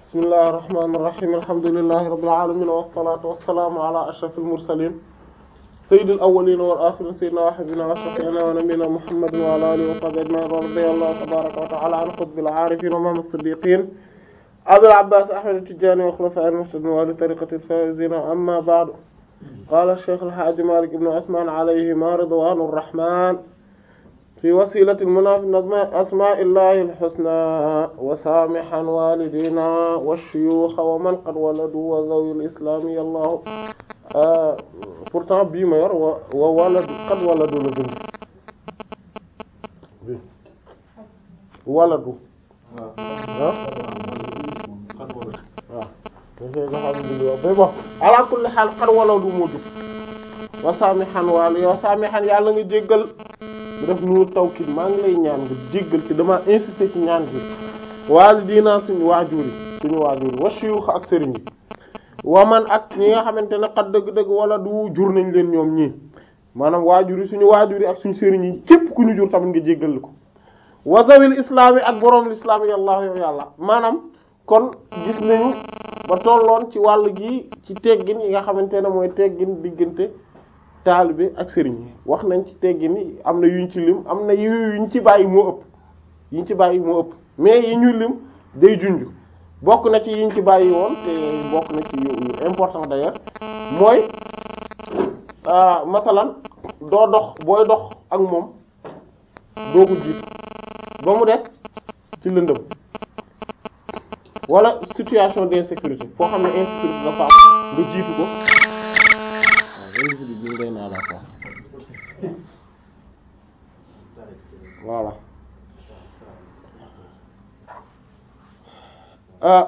bismillahi irrahmani irrahim alhamdulillahi rabbil alamin wassalatu wassalaamu ala ashrafil mursalin sayyidil awwalin wal akhirin sayyidina wa habibina wa shafi'ina wa nabiyyina muhammadin wa ala alihi wa sahbihi ajma'in radiyallahu tabaraka wa ta'ala an qutbil arifin wa imam as-siddiqin abil abbas ahmad tijani wa khulafa'il muhtadin wa li tariqatil faizin amma ba'du qala shaykh al haaji malik ibn usman alayhima ridwanur rahman fi wasilatil munaafi min asmaa'illahi al-husnaa wa saamihan waalidinaa wa shuyuuxa wa man qad waladu wa zawil islaami yallahu pourtant bii ma yor wa wa waladu qad waladu la bind bi waladu waaw ala kulli haal qad waladu moo jub wa saamihan waali wa saamihan yàlla nga jéggal bi def nuur tawkid maa ngi lay ñaan nga jéggal ci dama insister ci ñaan gi waalidina suñu waajur yi suñu waajur yi wa ak sëriñ yi man ak ñi nga xamante ne dëgg-dëgg wala du jur nañ leen ñoom ñii maanaam waajur yi suñu waajur yi ak suñu sëriñ yi képp ku ñu jur tamit nga jéggal ko wa zawil islaam yi ak boroom lislaam yi allah yàlla maanaam kon gis nañu ba tolloon ci wàll gi ci teggin yi nga xamante ne mooy teggin diggante taalibe ak sëriñ wax nañ ci teggin ni am na yuñ ci lim am na yuñ ci bàyyi moo ëpp yuñ ci bàyyi moo ëpp mais yi ñu lim day junj bokk na ci yiñ ci bàyyi woon te bokk na ci yu important d'ailleurs mooy euh, masalan doo dox booy dox ak moom doo ko jiitu ba mu des ci lëndëm wala situation sécurité foo xam ne insécurité dafa am nga jiitu ko Euh,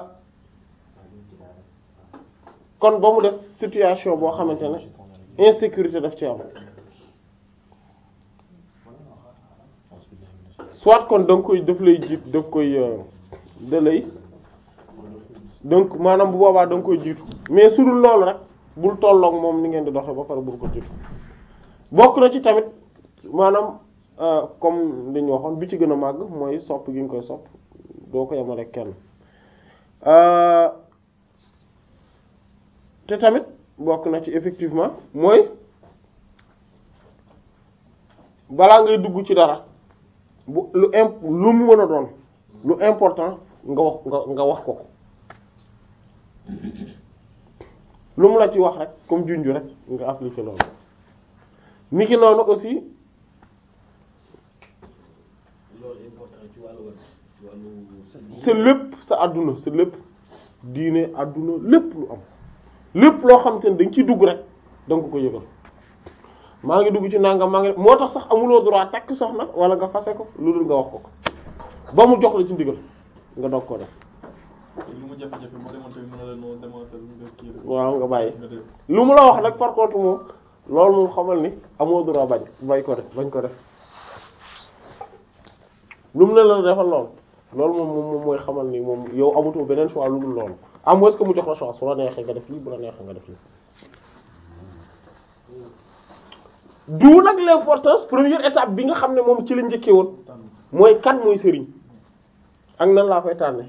kon ba mu def situation boo xamante ne insécurité daf ci am soit kon da koy daf lay jiit daf koy euh, da lay donc maanaam bu boobaa da nga koy jiitu mais su dul loolu rek bul tollook moom ni ngeen di doxee ba pare bul ko jiitu bokk na ci tamit maanaam euh, comme li ñu waxoon bi ci gën a màgg mooy sopp gi nga koy sopp doo ko yemale kenn. Euh, te tamit bokk na ci effectivement mooy balaa ngay dugg ci dara bu lu imp lu mu mën a doon lu important nga wax nga nga wax ko ko lu mu la ci wax rek comme junju rek nga appliquer loolu niki noonu aussi. sa lépp sa àdduna sa lépp diine àdduna lépp lu am lépp loo xam te ne dañ ciy dugg rek da ko yëgal maa ngi dugg ci nàngam maa ngi moo tax sax amuloo droit takk soxna wala nga fase ko lu dul nga wax ko ba mu jox la ci ndigal nga dog koo def. waaw nga bàyyi lu mu la wax nag par contre moom loolu moom xamal ni amoo droit bañ bañ ko def bañ ko def lu mu ne la defal loolu. loolu moom moom mooy xamal ni moom yow amatoo beneen choix lu dul loolu à moins que mu jox la choix su la neexee nga def lii bu la neexee nga def lii. du nag l'importance première étape bi nga xam ne moom ci la njëkkee woon mooy kan mooy sëriñ ak nan laa koy tànne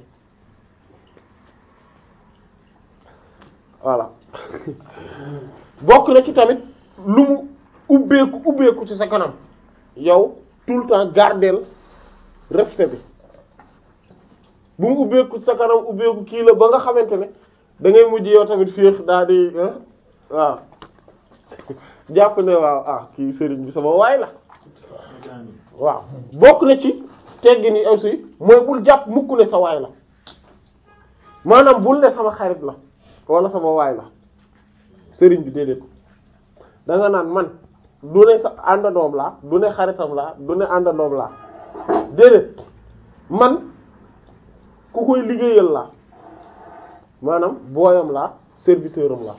voilà bokk na ci tamit lu mu ubbeeku ubbeeku ci sa kanam yow tout le temps gardeel respect bi. bu mu ubbeeku sa kanam ubbeeku kii la ba nga xamante ne dangay ngay mujj yow tamit fii daal di waaw jàpp ne waaw ah kii sëriñ bi sama waay la waaw bokk na ci teggin ni aussi mooy bul jàpp mukk ne sa waay la maanaam bul ne sama xarit la wala sama waay la sëriñ bi déedéet da naan man du ne sa àndandoom laa du ne xaritam laa du ne àndandoom laa déedéet man. ku koy liggéeyal laa maanaam booyam laa serviteur am laa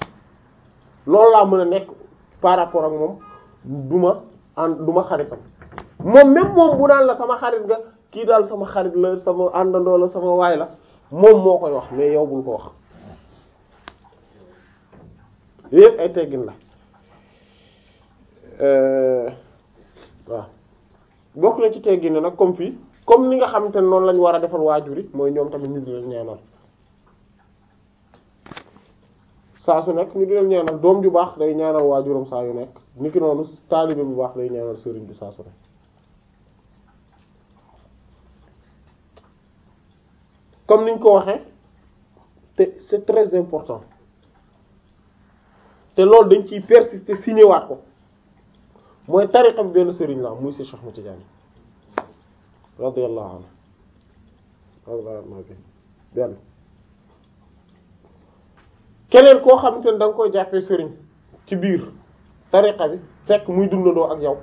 loolu laa mën a nekk par rapport ak moom du ma ànd du ma xaritam moom même moom bu naan la sama xarit nga kii daal sama xarit la sama àndandoo la sama waay la moom moo koy wax mais yow bul ko wax yépp ay teggin la euh, waaw bokk na ci teggin nag comme fii comme ni nga xamante ne noonu lañ war a defal waajur yi mooy ñoom tamit ñu di leen ñaanal saa su nekk ñu di leen ñaanal doom ju baax day ñaanal waajuram saa yu nekk niki noonu taalibe bu baax day ñaanal sëriñ bi saa su nekk comme niñ ko waxee te c'est très important te loolu dañ ciy persister signé waat ko mooy tariqa bi benn sëriñ la muy si Cheikh Tidiane radiyallahu anhu radiyallahu anhu benn koo xamante ne da nga koy jàppee sëriñ ci biir tariqa bi fekk muy dundandoo ak yow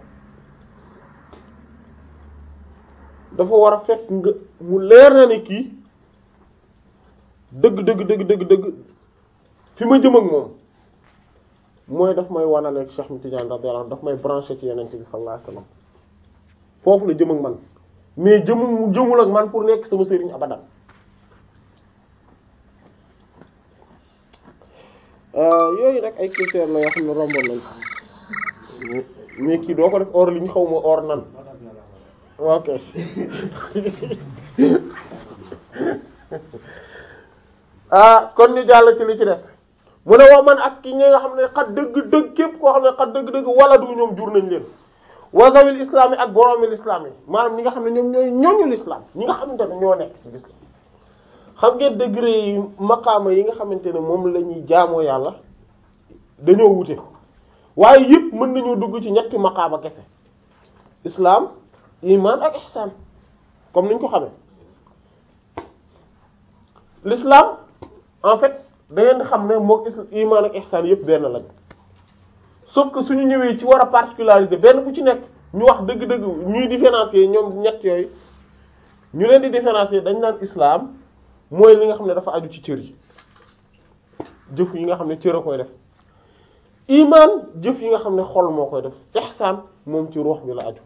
dafa war a fekk nga mu leer na ne kii dëgg dëgg dëgg dëgg dëgg fi ma jëm ak moom mooy daf may wanaleeg Cheikh Tidiane radiyallahu anhu daf may branché ci yeneen bi sallallahu alayhi foofu la jëm man mais jëmu jëmul ak man pour nekk sama sëriñ abadan euh, yooyu rek ay critères la yoo xam ne romboon nañ mais kii doo ko def or li ñu xaw ma or nan ok ah, kon ni jàll ci li ci des mu ne waa man ak ki nga xam ne xat dëgg-dëgg képp koo xam ne xat dëgg-dëgg wala du ñoom jur nañ leen wa zawil islam yi ak boroomi l'islam yi maanaam ñi nga xam ne ñoom ñooy ñooñu l'islam ñi nga xam ne ñoo nekk ci l'islam xam ngeen degré yi maqaama yi nga xamante ne moom la ñuy jaamoo yàlla dañoo wute waaye yépp mën nañoo dugg ci ñetti maqaama kese islaam iman ak ihsan comme niñ ko xamee l'islam en fait da ngeen xam ne mook iman ak ihsan yëpp benn lañ sauf que ñu ñëwee ci war a particulariser benn bu ci nekk ñu wax dëgg-dëgg ñuy différencier ñoom ñett yooyu ñu leen di différencier dañ naan islam mooy li nga xam ne dafa aju ci cër yi jëf yi nga xam ne cër a koy def iman jëf yi nga xam ne xol moo koy def ihsan moom ci ruux bi la aju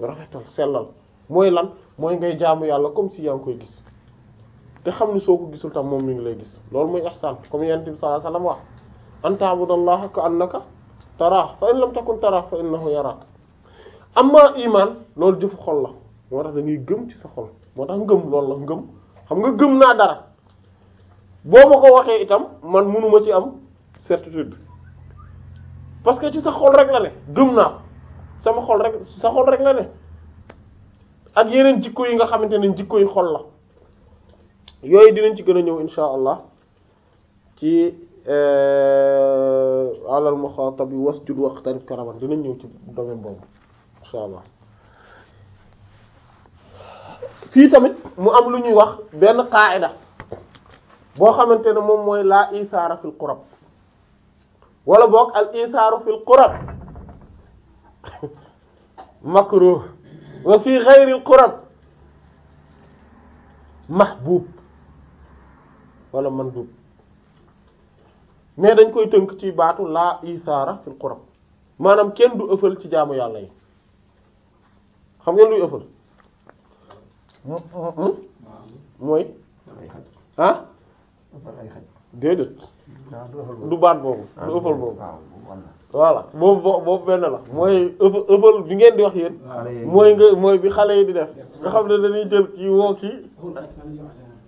rafetal sellal mooy lan mooy ngay jaamu yàlla comme si yaa ngi koy gis te xam ne soo ko gisul tam moom mi ngi lay gis loolu mooy ihsan comme yent bi sallallahu alayhi wasallam wax an ta'budallaha ka annaka taraahu fa in lam takun taraahu fa innahu yaraak amma iman loolu jëfu xol la moo tax da ngay gëm ci sa xol moo tax ngëm loolu la ngëm xam nga gëm naa dara boo ma ko waxee itam man mënuma ci am certitude parce que ci sa xol rek la ne gëm naa sama xol rek ci sa xol rek la ne ak yeneen jikko yi nga xamante ne jikko yi xol la yooyu dinañ ci gën a ñëw insha allah ci Eh, alal muxaatab yi wasjud waqtarib karaman dinañ ñëw ci domaine boobu insha allah fii tamit mu am lu ñuy wax benn qaa'ida boo xamante ne moom mooy laa isaara fil qurab wala boog al isaaru fil qurab makruh wa fi ghayril qurab mahbub wala mandub mais dañ koy tënk ci baatu laa isaara fil qurab maanaam kenn du ëppal ci jaamu yàlla yi xam nga luy ëffal hmm? mooy ah déedéet du baat boobu du ëffal boobu voilà boobu boobu benn la mooy ëff ëffal bi ngeen di wax yéen mooy nga mooy bi xale yi di def nga xam ne dañuy jël ci woo kii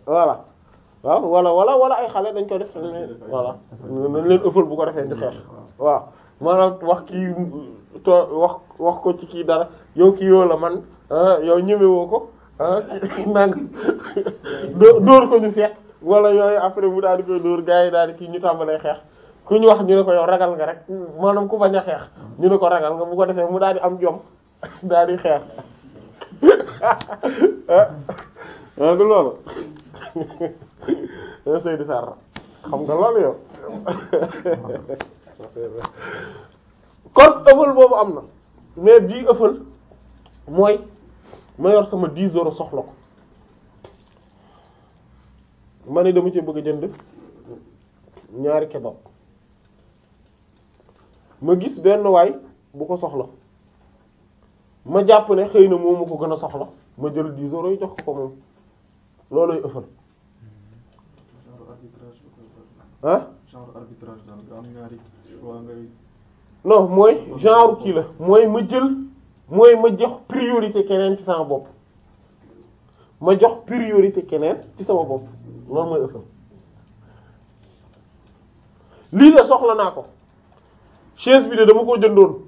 voilà waaw wala wala wala ay xale dañ koy def voilà nañ leen ëffal bu ko defee ñu xeex waaw maanaam wax kii to wax wax ko ci kii dara yow kii yoo la man ah, yow ñëwewoo ko ah, nang dóor ko ñu seet wala yooyu après mu daal di koy dóor gars yi daal di kii ñu tàmbalee xeex ku ñu wax ñu ne ko yow ragal nga rek maanaam ku bañ a xeex ñu ne ko ragal nga bu ko defee mu daal am jom daal di xeex ah loolu yow Seydou Sarr xam nga loolu yow kon ëffal boobu am na mais bii ëffal mooy ma yor sama 10 euros soxla ko ma ne dama ci bëgg a jënd ñaari kebab ma gis benn waay bu ko soxla ma jàpp ne xëy na moom ma ko gën a soxla ma jël 10 euros yi jox ko moom. loolooy ëffal. ah. genre arbitrage mooy genre kii la mooy ma jël mooy ma jox priorité keneen ci sama bopp ma jox priorité keneen ci sama bopp loolu mooy ëffal lii la soxla naa ko chaise bi de dama ko jëndoon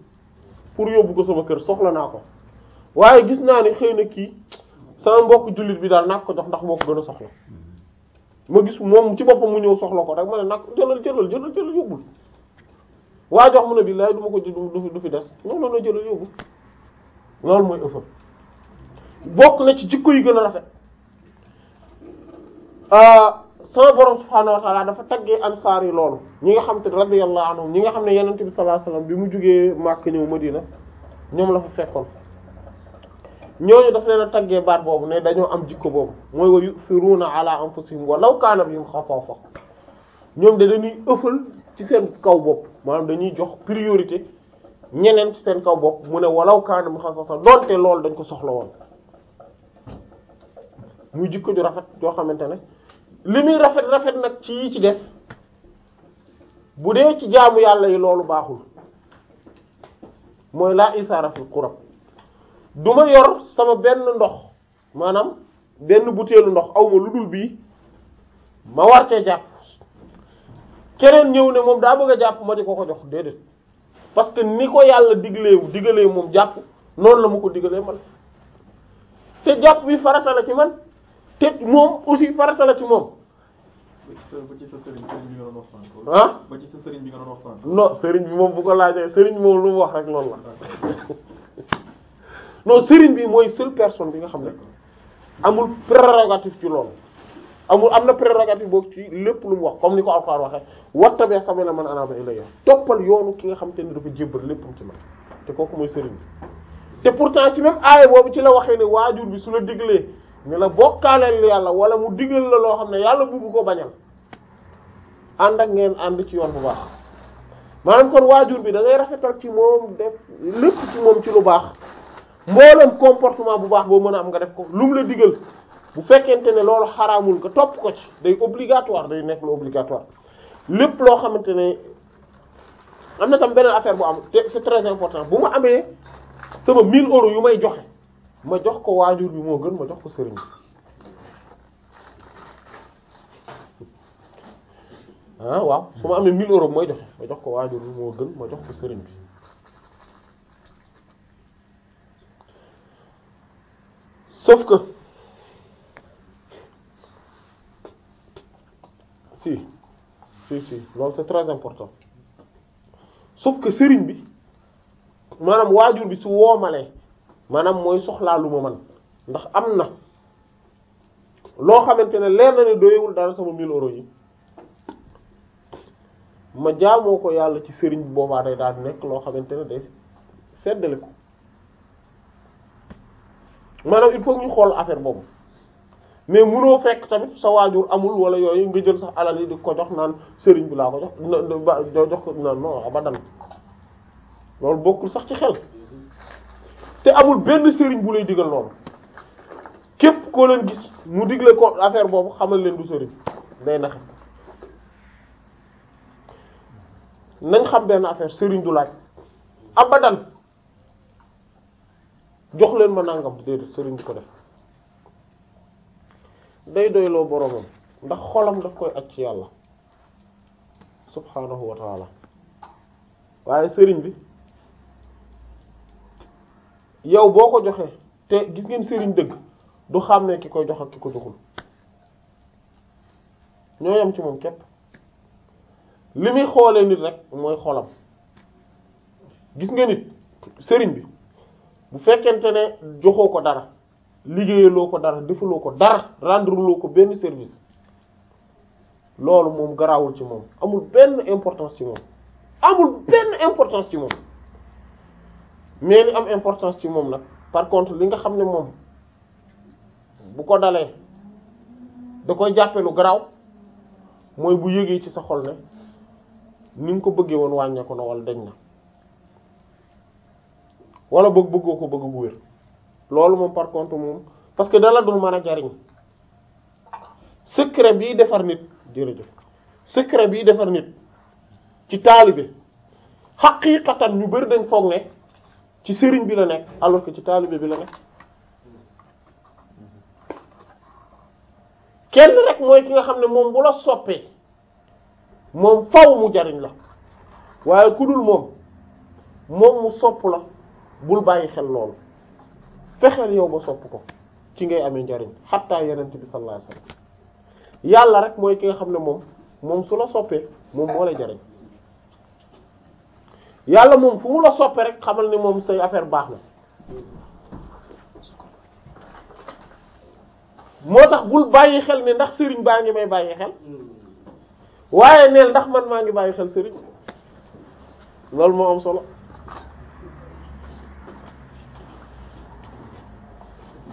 pour yóbbu ko sama kër soxla naa ko waaye gis naa ne xëy na kii sama mbokk jullit bi daal naa ko jox ndax moo ko gën a soxla ma gis moom ci boppam mu ñëw soxla ko rek ma ne naa ko jëlal jëlal jëlal jëlal yóbbul waa jox mu ne billaay du ma ko du du fi des non non non jëlal yóbbul loolu mooy ëffal bokk na ci jikko yi gën a rafet ah, sama borom subhaanahu wa taala dafa taggee ansaar yi loolu ñi nga xam te radiyallahu anhum ñi nga xam ne yonent bi sallallahu bi mu jógee Màkka ñëw Madina ñoom la fa fekkoon ñooñu daf leen a taggee baat boobu ne dañoo am jikko boobu mooy wa yu'thiruna ala anfusihim wa law kana bihim xasaasa ñoom de dañuy ëffal ci seen kaw bopp maanaam dañuy jox priorité ñeneen ci seen kaw bopp mu ne walaw xaw bihim xasaasa donte loolu dañ ko soxla woon muy jikko ju rafet joo xamante ne li muy rafet rafet nag ci yi ci des bu dee ci jaamu yàlla yi loolu baaxul mooy laa isaara fil qurab du ma yor sama benn ndox maanaam benn butéelu ndox aw ma lu dul bii ma war jàpp keneen ñëw ne moom daa bëgg a jàpp ma di ko ko jox déedéet parce que ni ko yàlla diglee digalee moom jàpp noonu la mu ko digalee man te jàpp bi farata la ci man te moom aussi farata la ci moom. ba ci sa sëriñ bi ah? ba ci sa sëriñ bi nga doon wax sànq. sëriñ bi moom bu ko laajee sëriñ moom lu mu wax rek loolu la. non sëriñ bi mooy seule personne bi nga xam ne amul prérogative ci loolu amul am na prérogative boobu ci lépp lu mu wax comme ni ko Alxuraan waxee wattabi' sabila man la ilayya toppal yoonu ki nga xam te ne dafa jébbal lépp ci man te kooku mooy sëriñ bi te pourtant ci même aaya boobu ci la waxee ne waajur bi su la diglee ni la bokkaaleel yàlla wala mu digal la loo xam ne yàlla bugg ko bañal ànd ak ngeen ànd ci yoon bu baax maanaam kon waajur bi da ngay rafetal ci moom def lépp ci lu baax Hmm? mboolem comportement bu baax boo mën a am nga def ko lu mu la digal bu fekkente ne loolu xaraamul nga topp ko ci day obligatoire day nekk lu obligatoire lépp loo xamante ne am na tam beneen affaire bu am te c'est très important bu ma amee sama 1000 euros yu may joxe ma jox ko waajur bi moo gën ma jox ko sëriñ bi ah, waaw su ma amee 1000 euros bu may jox ko waajur bi moo gën ma jox ko sëriñ bi. sauf que si si si loolu c'est très important sauf que sëriñ bi maanaam waajur bi su woomalee maanaam mooy soxlaa lu ma man ndax am na loo xamante ne leen na ne doyewul dara sama miloro yi ma jaamoo ko yàlla ci sëriñ bi boobaa day daal di nekk loo xamante ne day feddale ko maanaam il foog ñu xool affaire boobu mais munoo fekk tamit sa waajur amul wala yooyu nga jël sax alal yi di ko jox naan sëriñ bi laa ko jox doo jox ko naan non abadan loolu bokkul sax ci xel te amul benn sëriñ bu lay digal loolu képp koo leen gis mu digle ko affaire boobu xamal leen du sëriñ day naxe nañ xam benn affaire sëriñ du laaj abadan jox leen ma nangam déedéet sëriñ bi ko def day doyloo boromam ndax xolam daf koy ak ci yàlla subhaanahu wa waaye sëriñ bi yow boo ko joxee te gis ngeen sëriñ dëgg du xàmmee ki koy jox ak ki ko joxul ñoo yam ci moom képp li muy xoolee nit rek mooy xolam gis nga nit sëriñ bi bu fekkente ne joxoo ko dara liggéeyaloo ko dara defuloo ko dara rendre loo ko benn service loolu moom garaawul ci moom amul benn importance ci moom amul benn importance ci moom mais li am importance ci moom nag par contre li nga xam ne moom bu ko dalee da koy jàppe lu garaaw mooy bu yëgee ci sa xol ne ni nga ko bëggee woon wàññeeku na wala dañ na wala bëgg bëggoo ko bëgg bu wér loolu moom par contre moom parce que dala dul man a jariñ secret bii defar nit jërëjëf secret bii defar nit ci taalibe xaqiiqatan ñu bari dañ foog ne ci sëriñ bi la nekk alors que ci taalibe bi la nekk kenn rek mooy ki nga xam ne moom bu la soppee moom faw mu jariñ la waaye ku dul moom moom mu sopp la bul bàyyi xel loolu fexeel yow ba sopp ko ci ngay amee njariñ xattaa ti bi sallallahu alayhi yàlla rek mooy ki nga xam ne moom moom su la soppee moom moo la jariñ yàlla moom fu mu la soppee rek xamal ni moom say affaire baax na moo tax bul bàyyi xel ne ndax sëriñ baa ngi may bàyyi xel waaye neel ndax man maa ngi bàyyi xel sëriñ loolu moo am solo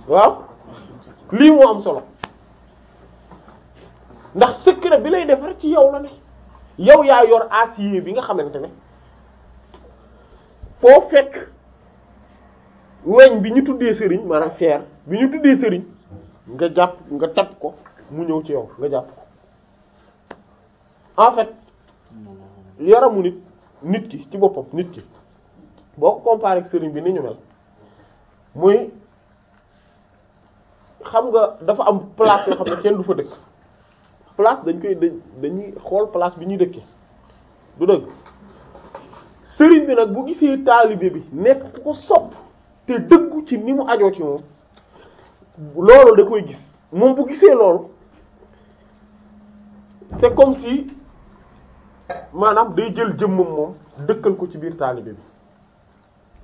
waaw lii moo am solo ndax secret bi lay defar ci yow la ne yow yaa yor acier bi nga xamante ne foo fekk weñ bi ñu tuddee sëriñ maanaam fer bi ñu tuddee sëriñ nga jàpp nga tapp ko mu ñëw ci yow nga jàpp ko en fait yaramu nit nit ki ci boppam nit ki boo ko comparé sëriñ bi ni ñu mel muy xam nga dafa am place yoo xam ne kenn du fa dëkk place dañ koy dañuy xool place bi ñuy dëkkee du dëgg sëriñ bi nag bu gisee taalibe bi nekk ku ko sopp te dëggu ci ni mu ajoo ci moom loolu da koy gis moom bu gisee loolu c'est si maanaam day jël jëmmam moom dëkkal ko ci biir taalibe bi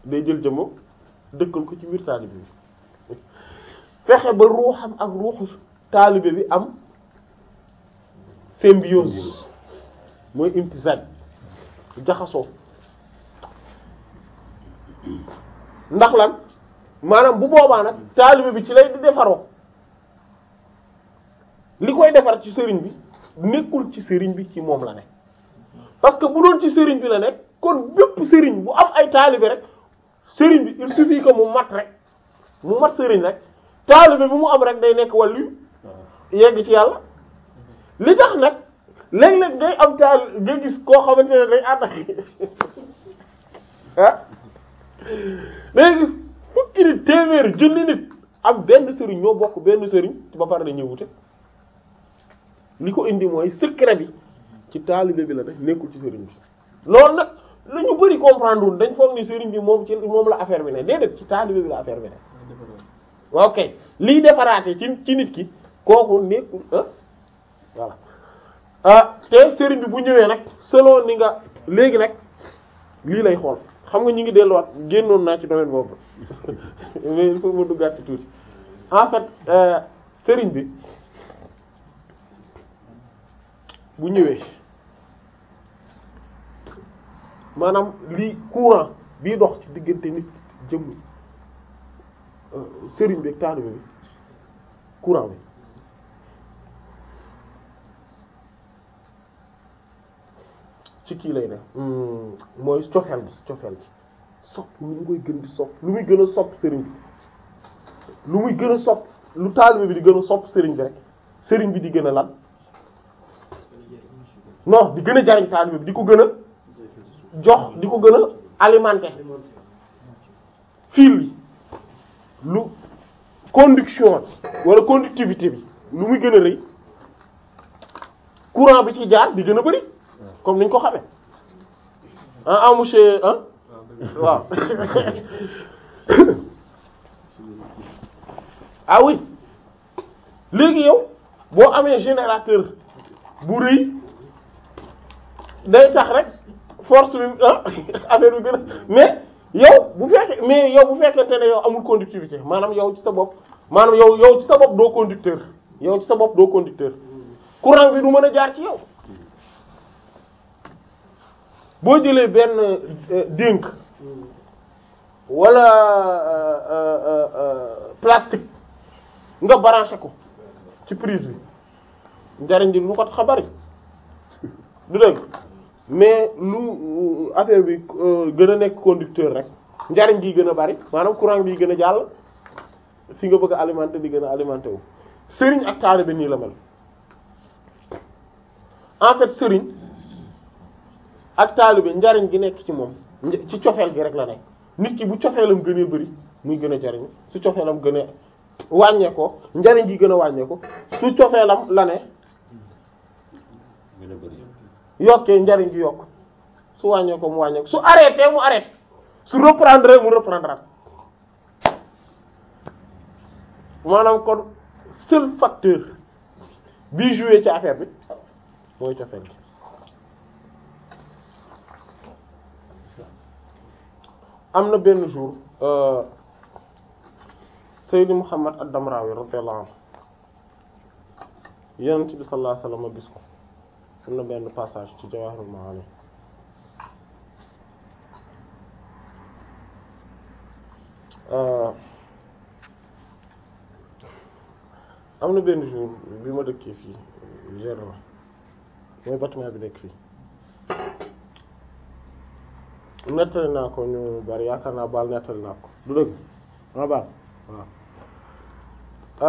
day jël jëmmam dëkkal ko ci biir taalibe bi fexe ba ruuxam ak ruuxu taalibe bi am symbiose mooy imtisaaj jaxasoo ndax lan maanaam bu boobaa nag taalibe bi ci lay di defaroo li koy defar ci sëriñ bi nekkul ci sëriñ bi ci moom la ne parce que bu doon ci sëriñ bi la nekk kon bépp sëriñ bu am ay taalibe rek sëriñ bi il suffit mu mat rek mu mat sëriñ rek taalibe bi mu am rek day nekk wàllu yegg ci yàlla li tax nag léeg-léeg ngay am taal nga gis koo xamante ne day attaqué ah day gis fukki nit téeméer junni nit am benn sëriñ ñoo bokk benn sëriñ ba pare dañuy wute li ko indi mooy secret bi ci taalibe bi la ne nekkul ci sëriñ bi loolu nag lu ñu bari comprendre wul dañ foog ni sëriñ bi moom ci moom la affaire bi ne déedéet ci taalibe bi la affaire bi ne waaw lii liy defaraate ci nit ki kooku nekk ah, voilà ah te sëriñ bi bu ñëwee nag selon ni nga léegi nag lii lay xool xam nga ñu ngi delluwaat génnoon naa ci domaine boobu mais il ma duggaat ci tuuti en fait euh, sëriñ bi bu ñëwee maanaam lii courant bii dox ci diggante nit jëmm sëriñ bi ak taalibe bi courant bi ci kii lay ne hmm, mooy cofeel bi cofeel bi sopp lu mu koy gën di sopp lu muy gën a sopp sëriñ bi lu muy gën a sopp lu taalibe bi di gën a sopp sëriñ bi rek sëriñ bi di gën a lan non di gën a jariñ taalibe bi di ko gën a jox di ko gën a alimenter fil yi lu conduction wala conductivité bi lu muy gën a rëy courant bi ci jaar di gën a bari comme niñ ko xamee ah ah monsieur ah ah oui léegi yow boo amee générateur bu rëy day tax rek force bi ah affaire bi gën a yow bu fekkee mais yow bu fekkente ne yow amul conductivité maanaam yow ci sa bopp maanaam yow yow ci sa bopp doo conducteur yow ci sa bopp doo conducteur courant bi du mën a jaar ci yow boo jëlee benn euh, dénk wala euh, euh, plastique nga branché ko ci prise bi njariñ di lu ko xabari du dégg mais lu euh, affaire bi euh, gën a nekk conducteur rek njariñ gi gën a bari maanaam courant bi gën a jàll fi nga bëgg a alimenter di gën a alimenter wu sëriñ ak taalibe nii la mel en fait sëriñ ak taalibe njariñ gi nekk ci moom ci cofeel gi rek la nekk nit ki bu cofeelam gën a bëri muy gën a jariñ su cofeelam gën a wàññeekoo njariñ gi gën a wàññeeku su cofeelam la ne yokkee njariñ bi yokk su wàññee ko mu wàññee ko su arrêté mu arrêté su reprendre mu reprendre maanaam kon seul facteur bi joué ci affaire bi mooy cofeel gi am na benn jour euh, Seydi Muhammad ad-Damrawi radiyallahu anhu yonent bi sallallahu alayhi wasallam gis ko am na benn passage ci Jawahirul Maani am na benn jour bi ma dëkkee fii Germain mooy bâtiment bi nekk fii nettali naa ko ñu bari yaakaar naa baal nettali naa ko du dëgg ma baal waaw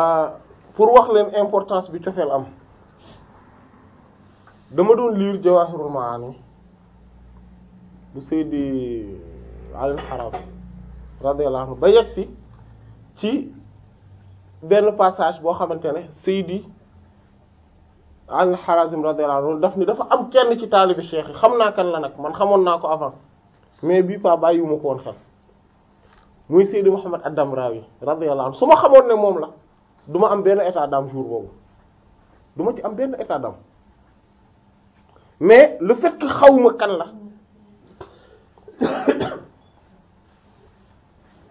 ah, pour wax leen importance bi cofeel am dama doon liir Jawahirul Maani bu Seydi Ali Harazim ba yegsi ci benn passage boo xamante ne Seydi Ali Harazim radiyallahu anhu daf ni dafa am kenn ci taalibi cheikh yi xam naa kan la nag man xamoon naa ko avant mais bii pas bàyyiwuma ko woon xel muy Seydi Muhammad ad-Damrawi radiyallahu anhu su ma xamoon ne moom la duma am benn état d'âme jour boobu du ci am benn état d'âme mais le fait xaw ma kan la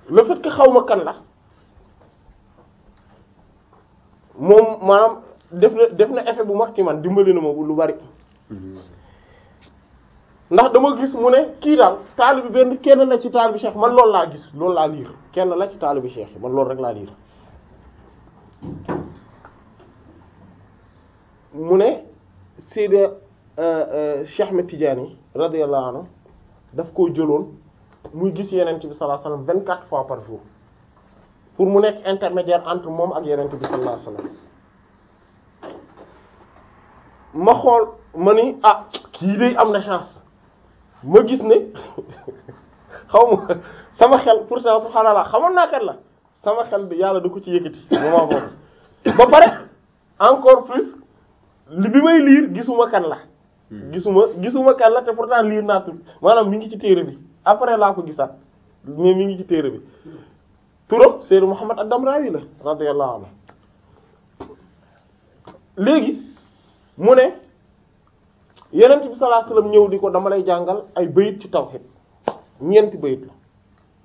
le fait que xawma kan la moom maanaam def na def na effet bu mag ki man dimbali na ma lu bari ndax dama gis mu ne kii daal taalibe bi benn kenn la ci bi cheikh man loolu laa gis loolu laa liir kenn la ci bi seex yi man loolu rek laa liir mu ne Seydi Euh, euh, Cheikh Ahmed Tidiane radiyallahu anhu daf koo jëloon muy gis Yonent bi sallallahu alayhi vingt quatre fois par jour pour mu nekk intermédiaire entre moom ak Yonent bi sallallahu alayhi wasallam ma xool ma ni ah kii day am na chance ma gis ne xaw ma sama xel pour pourtant subhaanallah xamoon naa kat la sama xel bi yàlla di ko ci yëkkati moment boobu ba pare encore plus li bi may liir gisuma kan la Hmm. gisuma gisuma kan la te pourtant liir naa tur maanaam mi ngi ci téere bi après laa ko gisaat mais mi ngi ci téere bi turam Seydou Mouhamed ad-Damrawi la radiyallahu anhu léegi mu ne yonent bi sallallahu alayhi wasallam ñëw di ko dama lay jàngal ay bayit ci tawhid ñeenti bayit la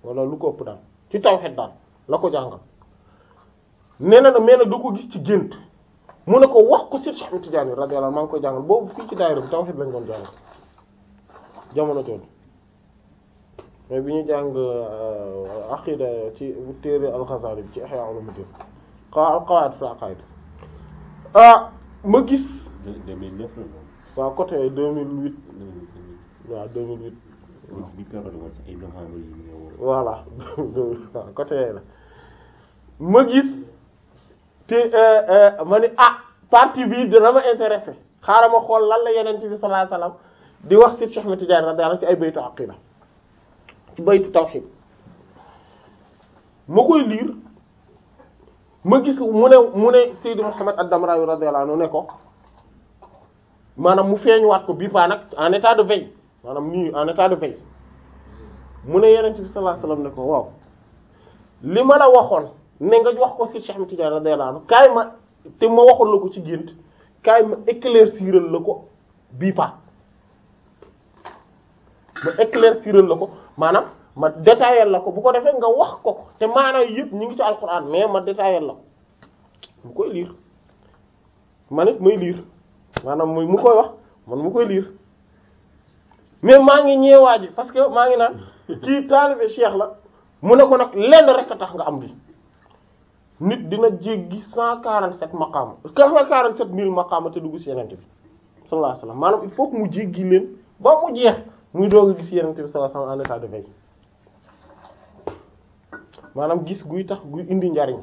wala lu ko ëpp daal ci tawhid daal la ko jàngal nee na na nag du ko gis ci gént mu ne ko wax ko si Cheikh Tidiane radiyallahu maa ngi ko jàngal boobu fii ci daayira bi tawhid lañ doon jàngal jamono jooju mais bi ñu jàng euh, aqida ci téere al-Ghazali ci Ihya Ulumuddin al-qawaid fi al-aqaid ah ma gis. 2009 la. ma gis. te euh, euh, ma ni ah partie bii dina ma intéressé xaaral ma xool lan la yeneen bi sallallahu alayhi di wax si Cheikh Ahmed Tidiane radiyallahu ci ay baytu aqida ci baytu tawhid ma koy liir ma gis mu ne mu ne Seydi Mouhamed ad-Damrawi ne ko mu feeñuwaat ko bii en état de veille maanaam nii en état de mu ne yeneen bi sallallahu alayhi ne ko waaw li ma la waxoon mais nga wax ko si Cheikh Ahmed Tidiane radiyallahu anhu kaay ma te ma waxoon la ko ci gént kaay ma éclairciral la ko bii pa ma éclairciral la ko maanaam ma détaillé la ko bu ko defee nga wax ko ko te maanaam yëpp ñu ngi ci alquran mais ma détaillé la ko mu koy liir man may liir maanaam muy mu koy wax man mu koy liir mais maa ngi ñeewaa ji parce que maa ngi naan kii taalibe Cheikh la mu ne ko nag lenn rek a tax nga am bi nit dina jéggi cent quarante-sept maqaama quarante-sept mille maqaama te dugg ci yenente bi sallallahu alayhi wasallam maanaam il mu jéggi leen ba mu jeex gis yenente bi sallallahu alayhi wasallam en état maanaam gis guy tax guy indi njariñ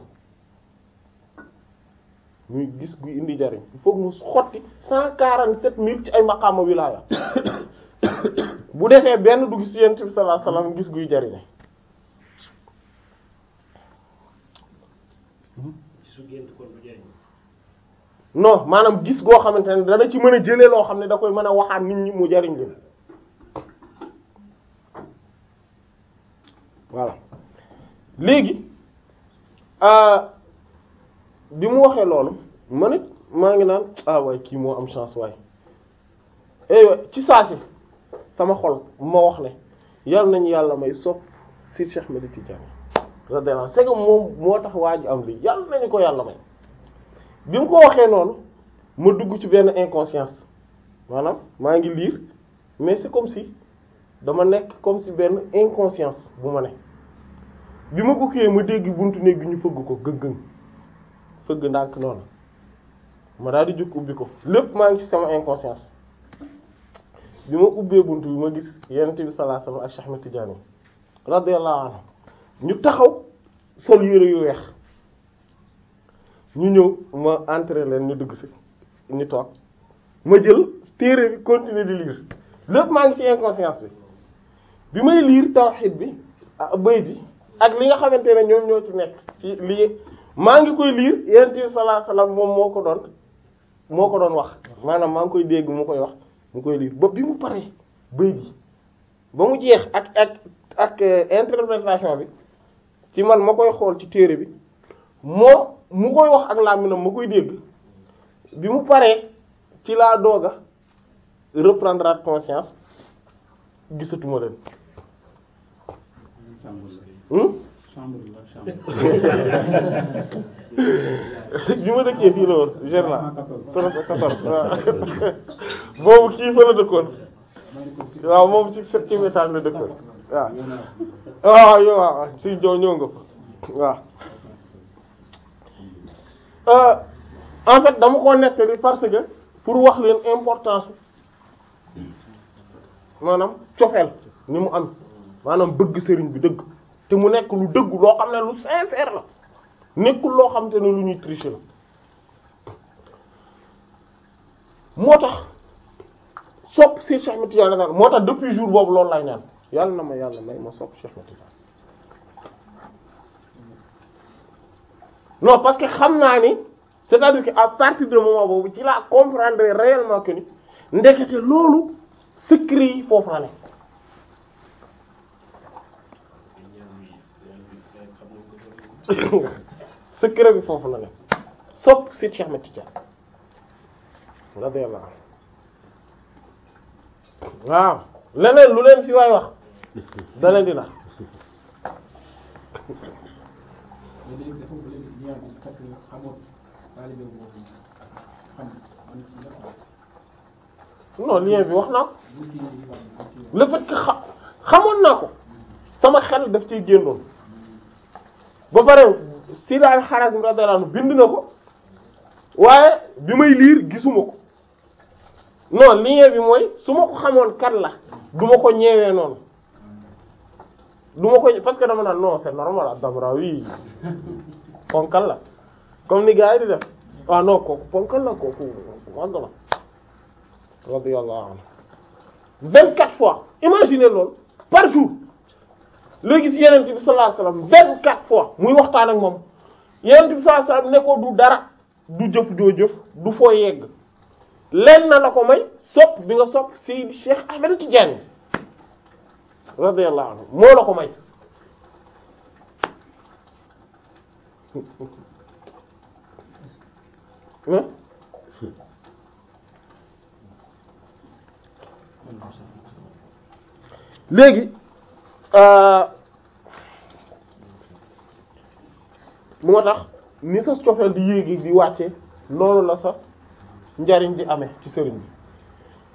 muy gis guy indi njariñ il faut mu xotti cent quarante-sept mille ci ay maqaama wilaaya bu defee benn du gis yenente bi sallallahu alayhi gis guy jariñ su gént kon non maanaam gis goo xamante ne dana ci mën a jëlee loo xam ne da koy mën a waxaat nit ñi mu jariñ leen waaw léegi euh, bi mu waxee loolu man it maa ngi naan ah waaye kii moo am chance waaye eh, aywa ci saasi sama xol ma wax ne yal nañu yàlla may sopp si Cheikh Ahmed Tidiane radiyallahu c'est que moom moo tax waa ji am lii yàlla nañu ko yàlla may bi mu ko waxee noonu ma dugg ci benn inconscience maanaam maa ngi liir mais ci comme si dama nekk comme si benn inconscience bu ma bi ma ko kiiyee ma dégg bunt néeg bi ñu fëgg ko gëng fëgg ndànk noonu ma daal di jóg ubbi ko lépp maa ngi ci sama inconscience bi ma ubbee bunt bi ma gis Yonent bi sallallahu ak Cheikh Ahmed Tidiane radiyallahu ñu taxaw sol yére yu weex ñu ñëw ma entrer leen ñu dugg si ñu toog ma jël téere bi continuer di liir lépp maa ngi ci inconscience bi bi may lire tawhid bi ah, bay bi ak li nga xamante ne ñoom ñoo ci nekk ci lii maa ngi koy lire yonent bi sallallahu alayhi moom moo ko doon moo ko doon wax maanaam maa ngi koy dégg mu koy wax mu koy lire ba bi mu paree bay di ba mu jeex ak ak ak euh, interprétation bi ci man ma koy xool ci téere bi moom mu koy wax ak làmminam ma koy dégg bi mu paree ci laa dooga a reprendre conscience gisatuma leen hmm? bi ma dëkkee fii la woon germain boobu kii fa la dëkkoon waaw moom ci septième étage la dëkkoon waaw ah. ah, waaw yow waaw ah, si jow ñëw nga fa en fait dama ko nettali parce que pour wax leen importance maanaam cofeel ni mu am maanaam bëgg sëriñ bi dëgg te mu nekk lu dëgg loo xam ne lu sincère la nekkul loo xam te ne lu ñuy tricher la moo tax sopp si Cheikh Ahmed Tidiane moo tax depuis jour boobu loolu lay ñaan yàlla na ma yàlla may ma sopp Cheikh Tidiane non parce que xam naa ni c'est-à-dire que à partir de moment boobu ci laa comprendre réellement que ni ndekete loolu secret yi foofu la nekk secret bi foofu la nekk sopp si Cheikh Ahmed Tidiane radiyallahu anhu waaw leneen lu leen ci waay wax da di nax non lien bi wax naa ko le fait que xa xamoon naa ko sama xel daf ciy génnoon ba pare Sida al-Harazim radiyallahu anhu bind na ko waaye bi may liir gisuma ko non lien bi mooy su ma ko xamoon kan la du ma ko ñeewee noonu du ma ko parce que dama naan non c'est normal ad-Damrawi ponkal la comme ni gars yi di def waaw ah, non kooku ponkal la kooku mag la radiyallahu anhu vingt-quatre fois imaginez loolu par jour léegi ci yenente bi sallallahu alayhi wasallam vingt-quatre fois muy waxtaan ak moom yenente bi sallallahu alayhi wasallam ne ko du dara du jëf joo du foo yegg lenn na la ko may sopp bi nga sopp Seydi Cheikh Ahmed Tidiane radiyallahu anhu la ko may léegi euh, moo tax ni sa cofeel di yéegi di wàcce noonu la sa njariñ di ame ci sëriñ bi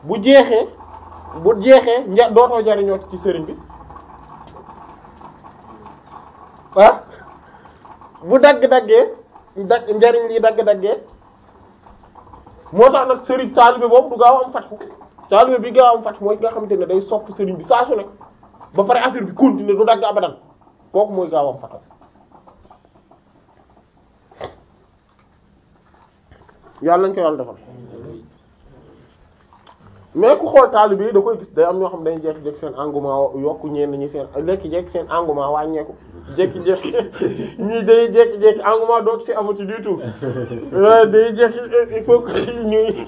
bu jeexee bu jeexee nja dootoo jariñoo ci sëriñ bi ah bu dagg-daggee dagg njariñ lii dagg-daggee moo tax nag sëriñ taalibe boobu du gaaw am fatu taalibe bi gaaw am fatu mooy nga xamante ne day sopp sëriñ bi saa su ne ba pare affaire bi continuer du dagg abadan kooku mooy gaaw am fatu yàlla nañ ko yàlla defal mais ku xool taalibe da koy gis day am ñoo xam ne day jékki-jékki seen engouement yokku ñenn ñi seen jékki-jékki seen engouement wàññeeku jékki-jékki ñii day jékki-jékki engouement dootu ci amati du tout day jékki il faut ñuy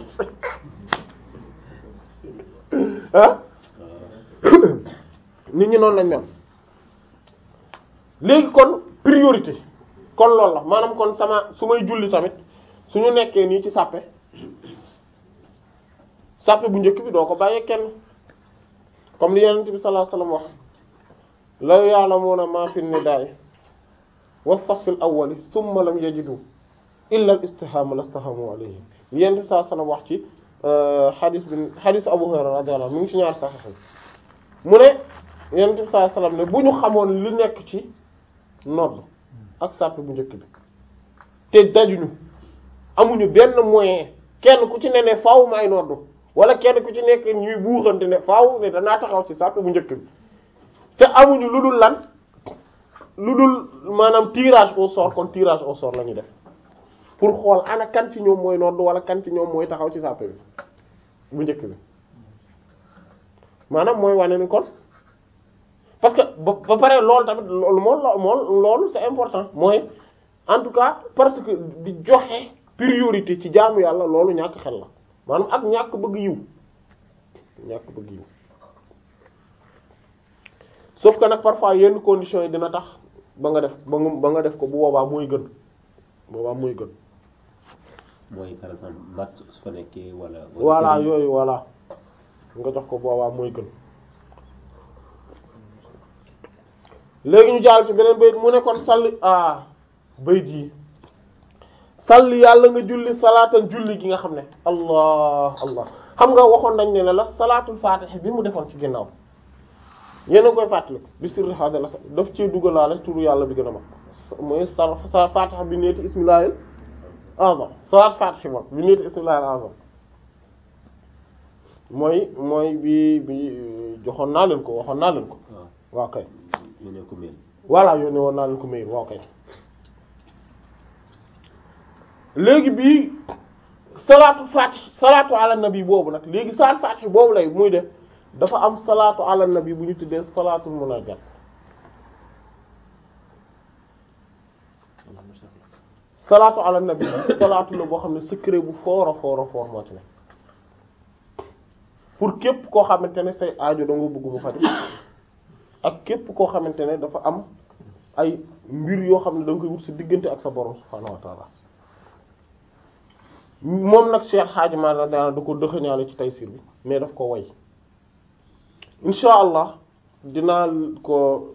ah nit ñi noonu lañ mel léegi kon priorité kon loolu la maanaam kon sama sumay may julli tamit. su ñu nekkee nii ci sàppe sàppe bu njëkk bi doo ko bàyyee kenn comme li yonent bi sallallahu alayhi wasallam wax law ya'lamuna ma fi nidaa'i wa safil awwali thumma lam yajidu illa al-istihama lastahamu alayhi li bi sallallahu wax ci euh, xadis bi xadis Abu Hurayra radiyallahu anhu mu ngi ci ñaar saxex mu ne yonent bi sallallahu alayhi wasallam ne bu ñu xamoon li nekk ci nodd ak sàppe bu njëkk bi te dajuñu amuñu benn moyen kenn ku ci ne ne faaw maay noddu wala kenn ku ci nekk ñuy buuxante ne faaw ne danaa taxaw ci sàpp bu njëkk bi te amuñu lu dul lan lu dul maanaam tirage au sort kon tirage au sort la ñu def pour xool ana kan ci ñoom mooy noddu wala kan ci ñoom mooy taxaw ci sàpp bi bu njëkk bi maanaam mooy wane ni kon parce que ba pare loolu tamit loolu moom lool c'est important mooy en tout cas parce que di joxe. priorité ci jaamu yàlla loolu ñàkk xel la man ak ñàkk bëgg yiw ñàkk bëgg yiw sauf que nag parfois yenn conditions yi dina tax ba nga def ba nga ba nga def ko bu boobaa mooy gën boobaa mooy gën. mooy par exemple mat su fa nekkee wala. yooyu voilà nga jox ko boobaa mooy gën. léegi ñu jàll ci beneen bayit mu nekkoon kon sàll ah bayit sàll yàlla nga julli salaatan julli gi nga xam ne allah allah xam nga waxoon nañ ne la salaatul faatiha bi mu defoon ci ginnaaw yéen a koy fàttaliku bi sirri hada la daf yàlla bi gën a mag bi neeti ismillaahil azam salaat faatiha moom bi neeti ismillaahil azam mooy mooy bi bi joxoon naa leen ko waxoon naa leen ko ah. waaw kay voilà yónnee woon naa leen ko mail waaw kay léegi bii salaatu fatih salaatu ala nabi boobu nag léegi salaatu fatih boobu lay muy de dafa am salaatu ala nabi bu ñu tuddee salaatu munajat salaatu ala nabi salaatu la boo xam ne secret bu foora foora foor moo ci pour képp koo xamante ne say aajo da nga bëgg bu faju ak képp koo xamante ne dafa am ay mbir yoo xam ne da nga koy wut ci diggante ak sa borom subhaanahu moom nag Cheikh Hadj ma daal da ko dëxëñaale ci Tayssîr bi mais daf ko way insha allah dinaa ko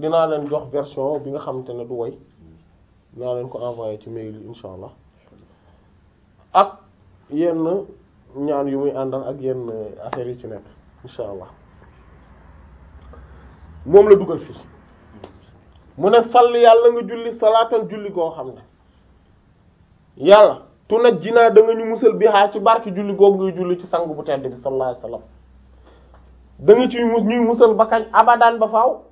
dinaa leen jox version bi nga xamante ne du woy dinaa leen ko envoyé ci mail yi insha allah ak yenn ñaan yu muy àndal ak yenn affaire yi ci nekk insha allah moom la dugal fii mu ne sall yàlla nga julli salaatal julli koo xam ne yàlla tu naj jinaa da nga ñu musal bi xaa ci barke julli googu ngay julli ci sang bu tedd bi sallallahu alayhi wasallam da nga ciy mus ñuy musal ba kañ abadaan ba faaw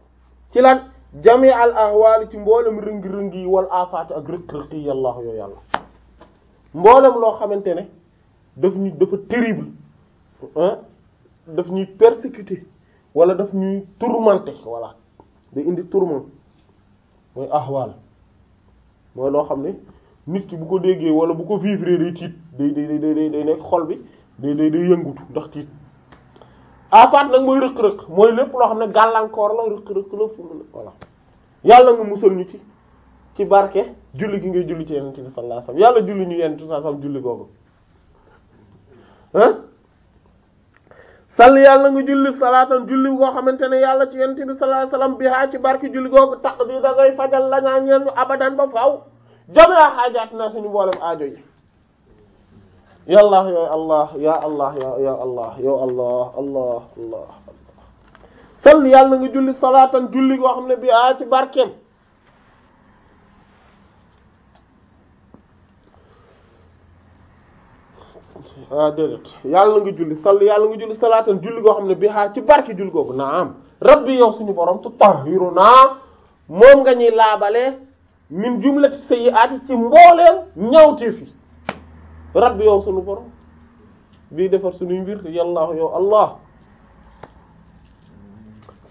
ci lan jami al ahwaali ci mboolem rëngi-rëngi yi wal afaat ak rëq-rëq yi yàllaahu yoo yàlla mboolem loo xamante ne daf ñu dafa terrible daf ñuy persécuté wala daf ñuy tourmenté voilà da indi tourment mooy ahwaal mooy loo xam ne nit ki bu ko déggee wala bu ko vivre day tiit day day day day nekk xol bi day day day yëngutu ndax tiit afaat nag mooy rëq-rëq mooy lépp loo xam ne gàllankoor la rëq-rëq la fu mu voilà yàlla nga musal ñu ci ci barke julli ki ngay julli ci yenent bi sallallahu yàlla julli ñu yenent sallallahu alayhi wasallam julli googu ah sall yàlla nga julli xamante ne yàlla ci yenent bi sallallahu alayhi ci barke julli googu taq di da fajal la ñaa ñeen abadan ba faaw jami'a haajatina suñu mboolem aajo yi yàlla ya allah ya allah ya ya allah ya allah allah allah salli yàlla nga julli salaatan julli koo xam ne bi a ci barkeem ah déedéet yàlla nga julli salli yàlla nga julli salaatan julli koo xam ne bi a ci barke julli googu naam rabbi yow suñu borom tu tahiruna moom nga ñuy laabale min jumlati sayyi'aati ci mbooleem ñaawteef yi rabb yow sunu borom bii defar sunuy mbir yàllaahu yow allah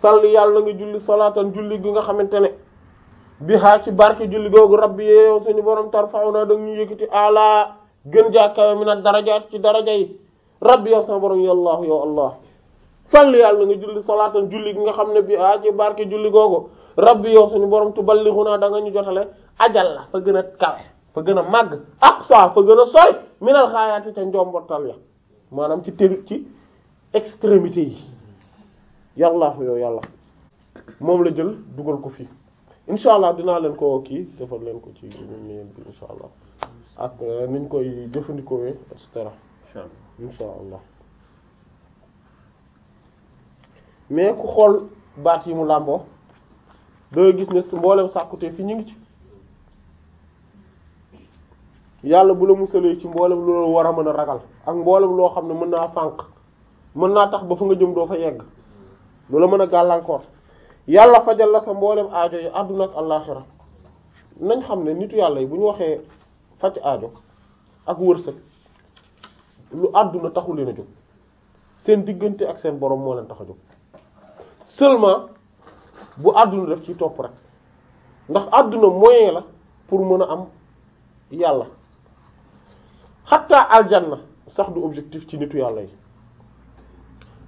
salli nga xamante ne bi haa ci barke julli googu rabbi yow suñu borom tarfa'una da ñu yëkkati ala gën jàkkawe mi na darajaat ci daraja yi rabbi yow sama borom yàllaahu yow allah salli yàlla nga julli salaatan julli gi nga xam ne bi haa ci barke julli googu rabbi yow suñu borom tuballighuna da danga ñu jotale ajal la fa gën a kawe fa gën a màgg aqsa fa gën a sori minal xaayaati ca njombotal ya maanaam ci tëri ci extrémité yi yàllaa fa yow yàlla moom la jël dugal ko fii incha allah dinaa leen ko kii defal leen ko ci ñun bi incha allah ak euh, niñ koy jëfandikoo et cetera allah mais ku xool baat yi mu làmboo dangay gis ne mboolem sàkkutee fi ñu ngi ci yàlla bu la musalee ci mboolem loolu war a mën a ragal ak mboolem loo xam ne mën naa fànq mën naa tax ba fa nga jëm doo fa yegg la mën a gàllankoor yàlla fajal la sa mboolem aajo yi àdduna ak àllaaxira nañ xam ne nitu yàlla yi bu ñu waxee faj aajo ak wërsëg lu àdduna taxu leen a jóg seen diggante ak seen borom moo leen tax a jóg seulement bu àdduna def ci topp rek ndax àdduna moyen la pour mën a am yàlla xatta aljanna sax du objectif ci nitu yàlla yi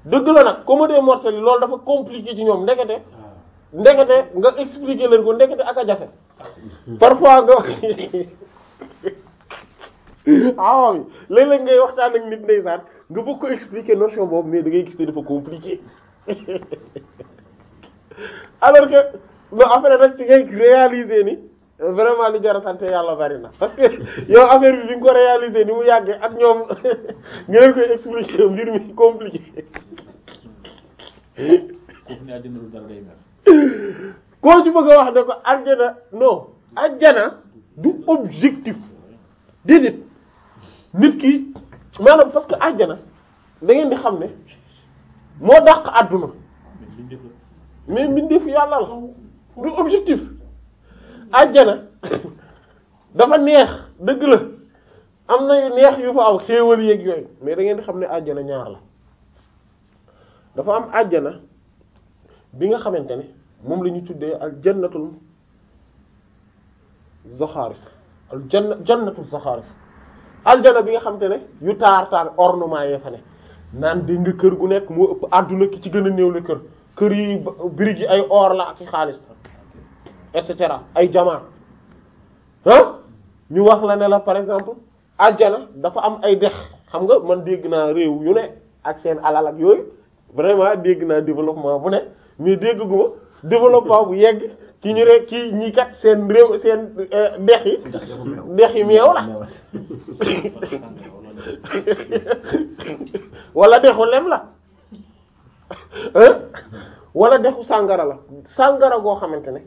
dëgg la nag comme des mortels yi loolu dafa compliqué ci ñoom ndekete ah. ndekete nga expliquer leen ko ndekete ak a jafe parfois nga awa bi ah léeg-léeg ngay waxtaan ak nit ndeysaan nga bëgg ko expliquer notion boobu mais da ngay gis ne dafa compliqué alors que loo après rek ci ngay réaliser ni vraiment li jar a sant yàlla bari na parce que yow affaire bi bi nga ko réaliser ni mu yàggee ak ñoom nga leen koy expliquer mi compliqué. koo ci bëgg a wax ne ko àjjana non àjjana du objectif déedéet nit ki maanaam parce que àjjana da ngeen di xam ne moo dàq àdduna. mais mbindeefu yàlla la du objectif àjjana dafa neex dëgg la am na yu neex yu fa am xéewal yeeg yooyu mais da ngeen di xam ne àjjana ñaar la dafa am àjjana bi nga xamante ne moom la ñu tuddee al jannatul zaxaarif al janna jannatul zaxaarif aljana bi nga xamante ne yu taar taar ornement yee fa ne naan dégg nga kër gu nekk moo ëpp àdduna ki ci gën a néew la kër kër yi briques yi ay or la ak xaalis et cetera ay jamaa ah ñu wax la ne la par exemple àjjana dafa am ay dex xam nga man dégg naa réew yu ne ak seen alal ak yooyu vraiment dégg naa développement bu ne mais dégg gu ma développement bu yegg ci ñu ne ci ñi kat seen réew seen euh, dex yi dex yi meew la wala dexu lem la wala dexu sàngara la sàngara goo xamante ne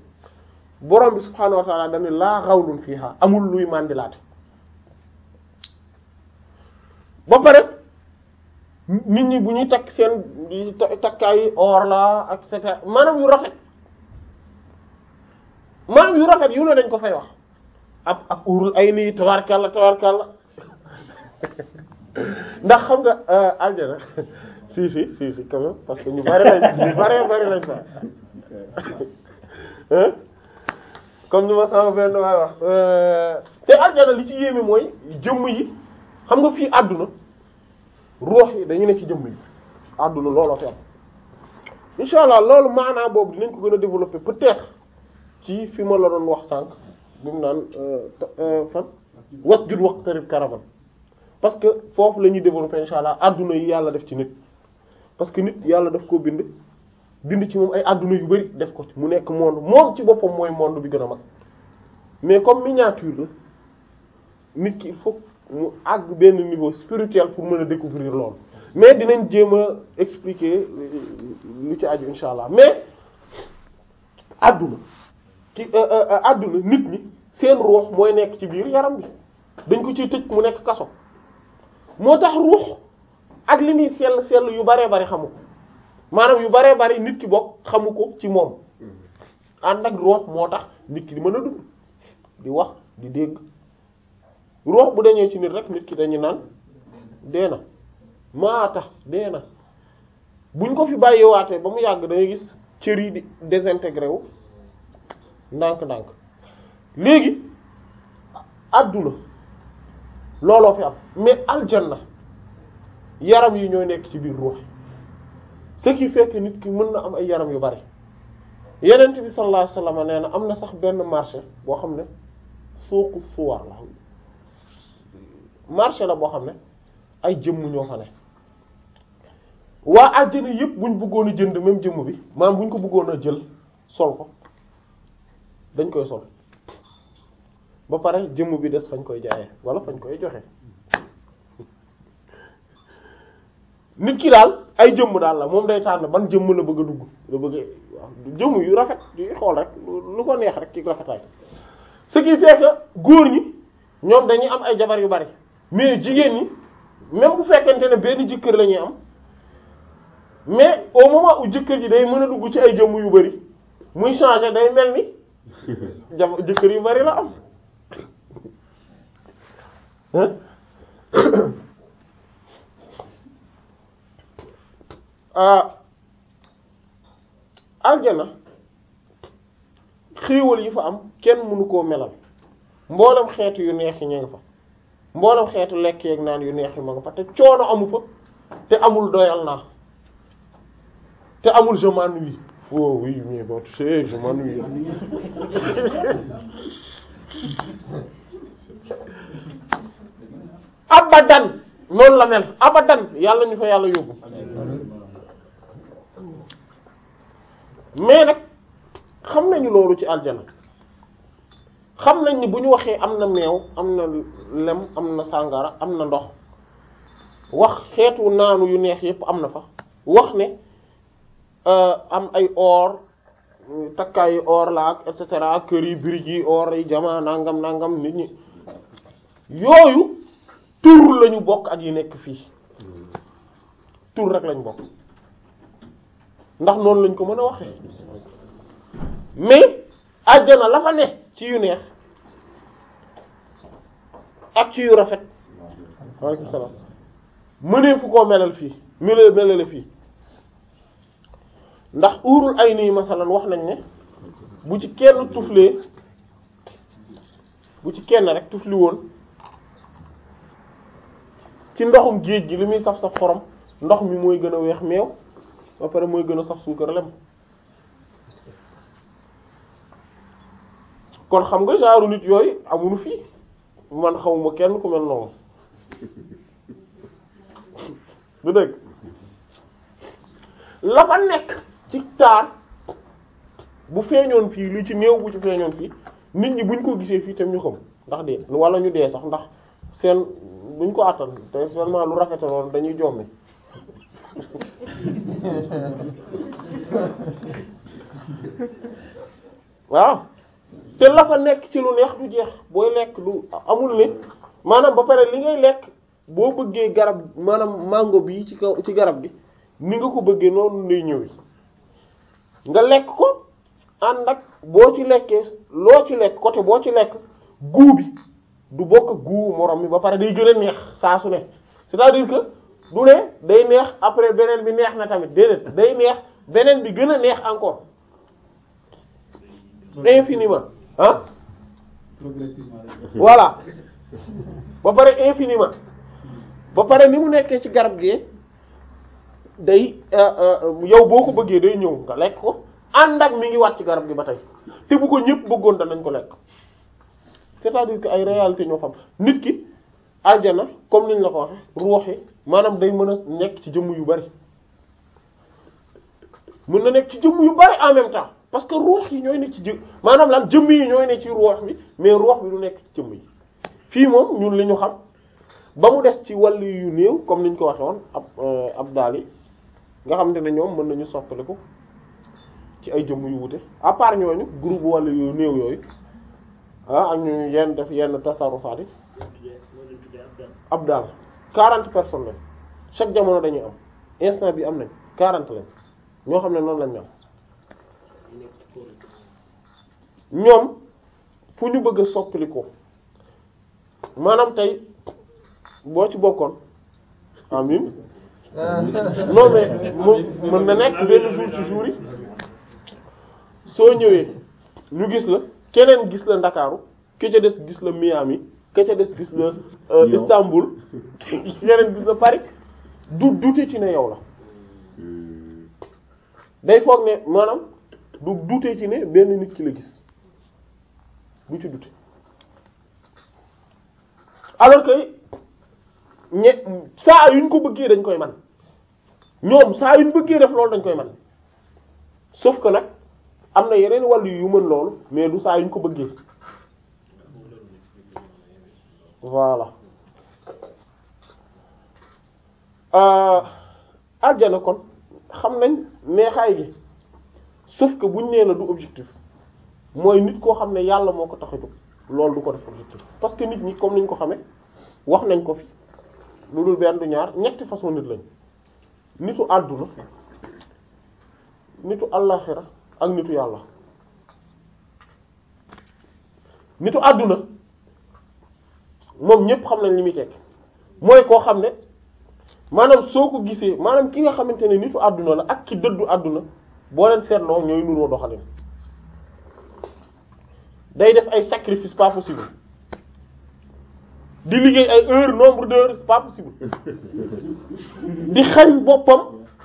borom bi subhaanahu wa ta'ala dañu laa xawlun fiha amul luy màndilaate ba pare nit ñi bu ñuy takk seen takkaay or la et cetera maanaam yu rafet maanaam yu rafet yu ne dañ ko fay wax ab ab urul ay nii tabarkalla tabarkalla ndax xam nga euh, aljana si si si parce que ñu bari lañ ñu bari bari lañ fa comme ñu ma sama benn waay wax euh, te aljana li ci yéeme mooy jëmm yi xam nga fii àdduna ruux yi dañu ne ci jëmm yi àdduna looloo fi am incha allah loolu maanaa boobu dinañ ko gën a développer peut-être ci fi ma la wax sànq bi mu naan euh, euh, fan was jur wax tarib karavan parce que foofu la ñuy développer incha allah àdduna yi yàlla def ci nit parce que nit yàlla daf koo bind bind ci moom ay àdduna yu bari def ko mu nekk monde moom ci boppam mooy monde bi gën a mag mais comme miniature la nit ki il faut mu àgg benn niveau spirituel pour mën a découvrir loolu mais dinañ jéem a expliquer lu ci aju insha allah mais àdduna ki euh, euh, euh, àdduna nit ñi seen ruux mooy nekk ci biir yaram bi dañ ko ciy tëj mu nekk kaso moo tax ruux ak li muy sell sell yu baree bari xamu ko maanaam yu baree bari nit ki bokk xamu ko ci moom ànd ak roox moo tax nit ki di mën a dund di wax di dégg roox bu dañoo ci nit rek nit ki dañu naan dee na maa tax dee na buñ ko fi bàyyiwaatee ba mu yàgg da gis cër yi di désintégré wu ndànk-ndànk léegi àdduna looloo fi am mais aljanna yaram yi ñooy nekk ci biir ruux yi qui fait nit ki mën na am ay yaram yu bari yenent bi sallallahu alayhi nee na am na sax benn marché boo xam ne suuqu suwar la marché la boo xam ne ay jëmm ñoo fa waa àjjana yëpp buñ bëggoon a jënd même jëmm bi maanaam buñ ko bëggoon a jël sol ko dañ koy sol ba pare jëmm bi des fañ koy jaayee wala fañ koy joxe nit ki daal ay jëmm daal la moom day tànn ban jëmm la bëgg a dugg la bëgg jëmm yu rafet yu xool rek lu ko neex rek kii rafetaay ce qui fait góor ñi ñoom dañuy am ay jabar yu bari mais jigéen ñi même bu fekkente ne benn jëkkër lañuy am mais au moment où jëkkër ji day mën a dugg ci ay jëmm yu bari muy changer day mel ni jam jëkkër yu bari la am Euh, aljana xéewal yi fa am kenn mënu koo melal mboolem xeetu yu neex yi ñu fa mboolem xeetu lekk yeeg naan yu neex yi ma nga fa te coono amu fa te amul doyal naa te amul je m'ennuie oh oui abadan noonu la mel abadan yàlla ñu fa yàlla yóbbu mais nag xam nañu loolu ci aljana xam nañ ni bu ñu waxee am na meew am na lem am na sàngara am na ndox wax xeetu naanu yu neex yépp am na fa wax ne euh, am ay or takkaayu or la ak et cetera kër yi birig yi or yi jamaa nangam nangam nit ñi yooyu tur lañu bokk ak yi nekk fii tur rek lañu bokk ndax noonu lañ ko mën a waxe mais àjjana la fa ne ci yu neex ak ci yu rafet waaleykum salaam mënee fu koo melal fii mel melale fii ndax uurul ay nii masalan wax nañ ne bu ci kenn tuflee bu ci kenn rek tufli woon ci ndoxum géej gi li muy saf saf xorom ndox mi mooy gën a weex meew ba pare mooy gën a sax suukar lem kon xam nga genre nit yooyu amulu fii man xamuma kenn ku mel noonu du dëgg la fa nekk ci taar bu feeñoon fii lu ci néew bu ci feeñoon fii nit ñi buñ ko gisee fii tam ñu xam ndax dee wala ñu dee sax ndax seen buñ ko àttan te seulement lu rafetaloon dañuy jommi waaw te la fa nekk ci lu neex du jeex booy lekk du amul ne maanaam ba pare li ngay lekk boo bëggee garab maanaam mango bi ci kaw ci garab bi ni nga ko bëggee noonu lay ñëwee nga lekk ko ànd ak boo ci lekkee loo ci lekk côté boo ci lekk guu bi du bokk guu morom mi ba pare day gën a neex saa su ne c'est-à-dire que du ne day neex après beneen bi neex na tamit déedéet day neex beneen bi gën a neex encore infiniment ah voilà ba pare infiniment ba pare ni mu nekkee ci garab gi day euh, euh, yow boo ko bëggee day ñëw nga lekk ko ànd ak mu ngi wat ci garab gi ba tey te bu ko ñëpp bëggoon nañ ko lekk c'est-à-dire que ay réalité ñoo xam nit ki aljana comme niñ la ko waxee ruux yi maanaam day mën a nekk ci jëmm yu bari mën na nekk ci jëmm yu bari en même temps parce que ruux yi ñooy nekk ci jë maanaam lan jëmm yi ñooy ne ci ruux bi mais ruux bi du nekk jëmm yi fii moom ñun lañu xam ba mu des ci wàll yu néew comme niñ ko waxee woon ab euh, ab daal yi nga xam te ne ñoom mën nañu soppaliku ci ay jëmm yu wute à part ñooñu groupe wall yu néew yooyu ah ak ñu yenn def yenn tasaarufaat ab daal quarante personnes lañ chaque jamono dañuy am instant bi am nañ quarante lañ ñoo xam ne noonu lañ mel ñoom fu ñu bëgg a soppaliko maanaam tey boo ci bokkoon amin non mais moom mën na nekk benn jour ci jour soo ñëwee ñu gis la keneen gis la Ndakaaru ki ca des gis la Miami ka ca des gis na euh, Istanbul yeneen gis na Paris du dute ci ne yow la day foog ne maanaam du dute ci ne benn nit ki la gis du ci dute alors que ñe saa yuñ ko bëggee dañ koy man ñoom saa yuñ bëggee def loolu dañ koy man sëf ko nag am na yeneen wàllu yu mën loolu mais lu saa yuñ ko bëggee voilà àjjana euh, kon xam nañ neexaay gi sauf que buñ nee la du objectif mooy nit koo xam ne yàlla moo ko tax a loolu du ko def objectif parce que nit ñi comme niñ ko xamee wax nañ ko fi lu dul benn du ñaar ñetti façon nit lañ nitu àdduna nitu àllaaxira ak nitu yàlla nitu àdduna moom ñépp xam nañ li muy tekk mooy koo xam ne maanaam soo ko gisee maanaam ki nga xamante ne nitu àdduna la ak ki dëddu àdduna boo leen seen seetloo ñooy nuroo doxalin day def ay sacrifice pas possible di liggéey ay heure nombre d'heures pas possible di xañ boppam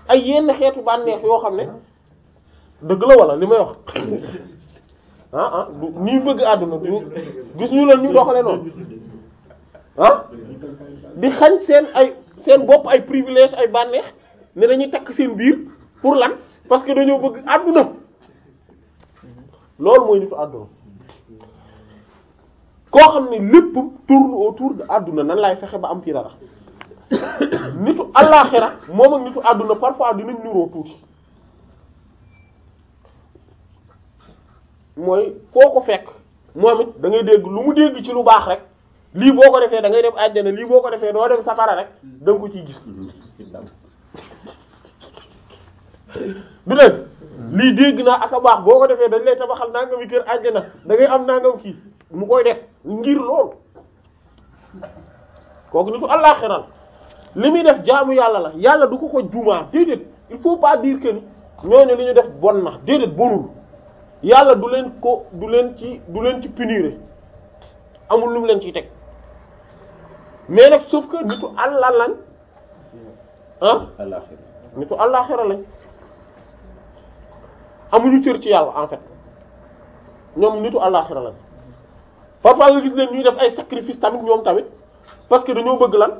ay yenn xeetu bànneex yoo xam ne dëgg la walla li may wax ah ah du ñuy bëgg àdduna du gis ñu leen ñu doxale noonu ah di xañ seen ay seen bopp ay privilège ay bànneex ne dañuy takk seen biir pour lan parce que dañoo bëgg àdduna loolu mooy nitu àdduna koo xam ne lépp tourne autour de àdduna nan laay fexe ba am fi dara nitu àllaaxira moom ak nitu àdduna parfois dinañ niroo tuuti mooy foo ko fekk moom it da dégg lu mu dégg ci lu baax rek lii boo ko defee da ngay dem àjjana lii boo ko defee doo dem safara rek mm-hmm. da ko ci gis du leen mm-hmm. lii dégg naa ak baax boo ko defee dañ lay tabaxal nangami kër àjjana da ngay am nangam kii mu koy def ngir loolu kooku nitu àllaaxiral li muy def jaamu yàlla la yàlla du ko ko jumaa déedéet il faut pas dire que ni ñooñu li ñu def bon na déedéet bonul yàlla du leen ko du leen ci du leen ci punir amul lu mu leen ciy teg mais nag sauf que nitu àlla lañ ah nitu àllaaxira lañ amuñu cër ci yàlla en fait ñoom nitu àllaaxira lañ parfois nga gis leen ñuy def ay sacrifice tamit ñoom tamit parce que dañoo bëgg lan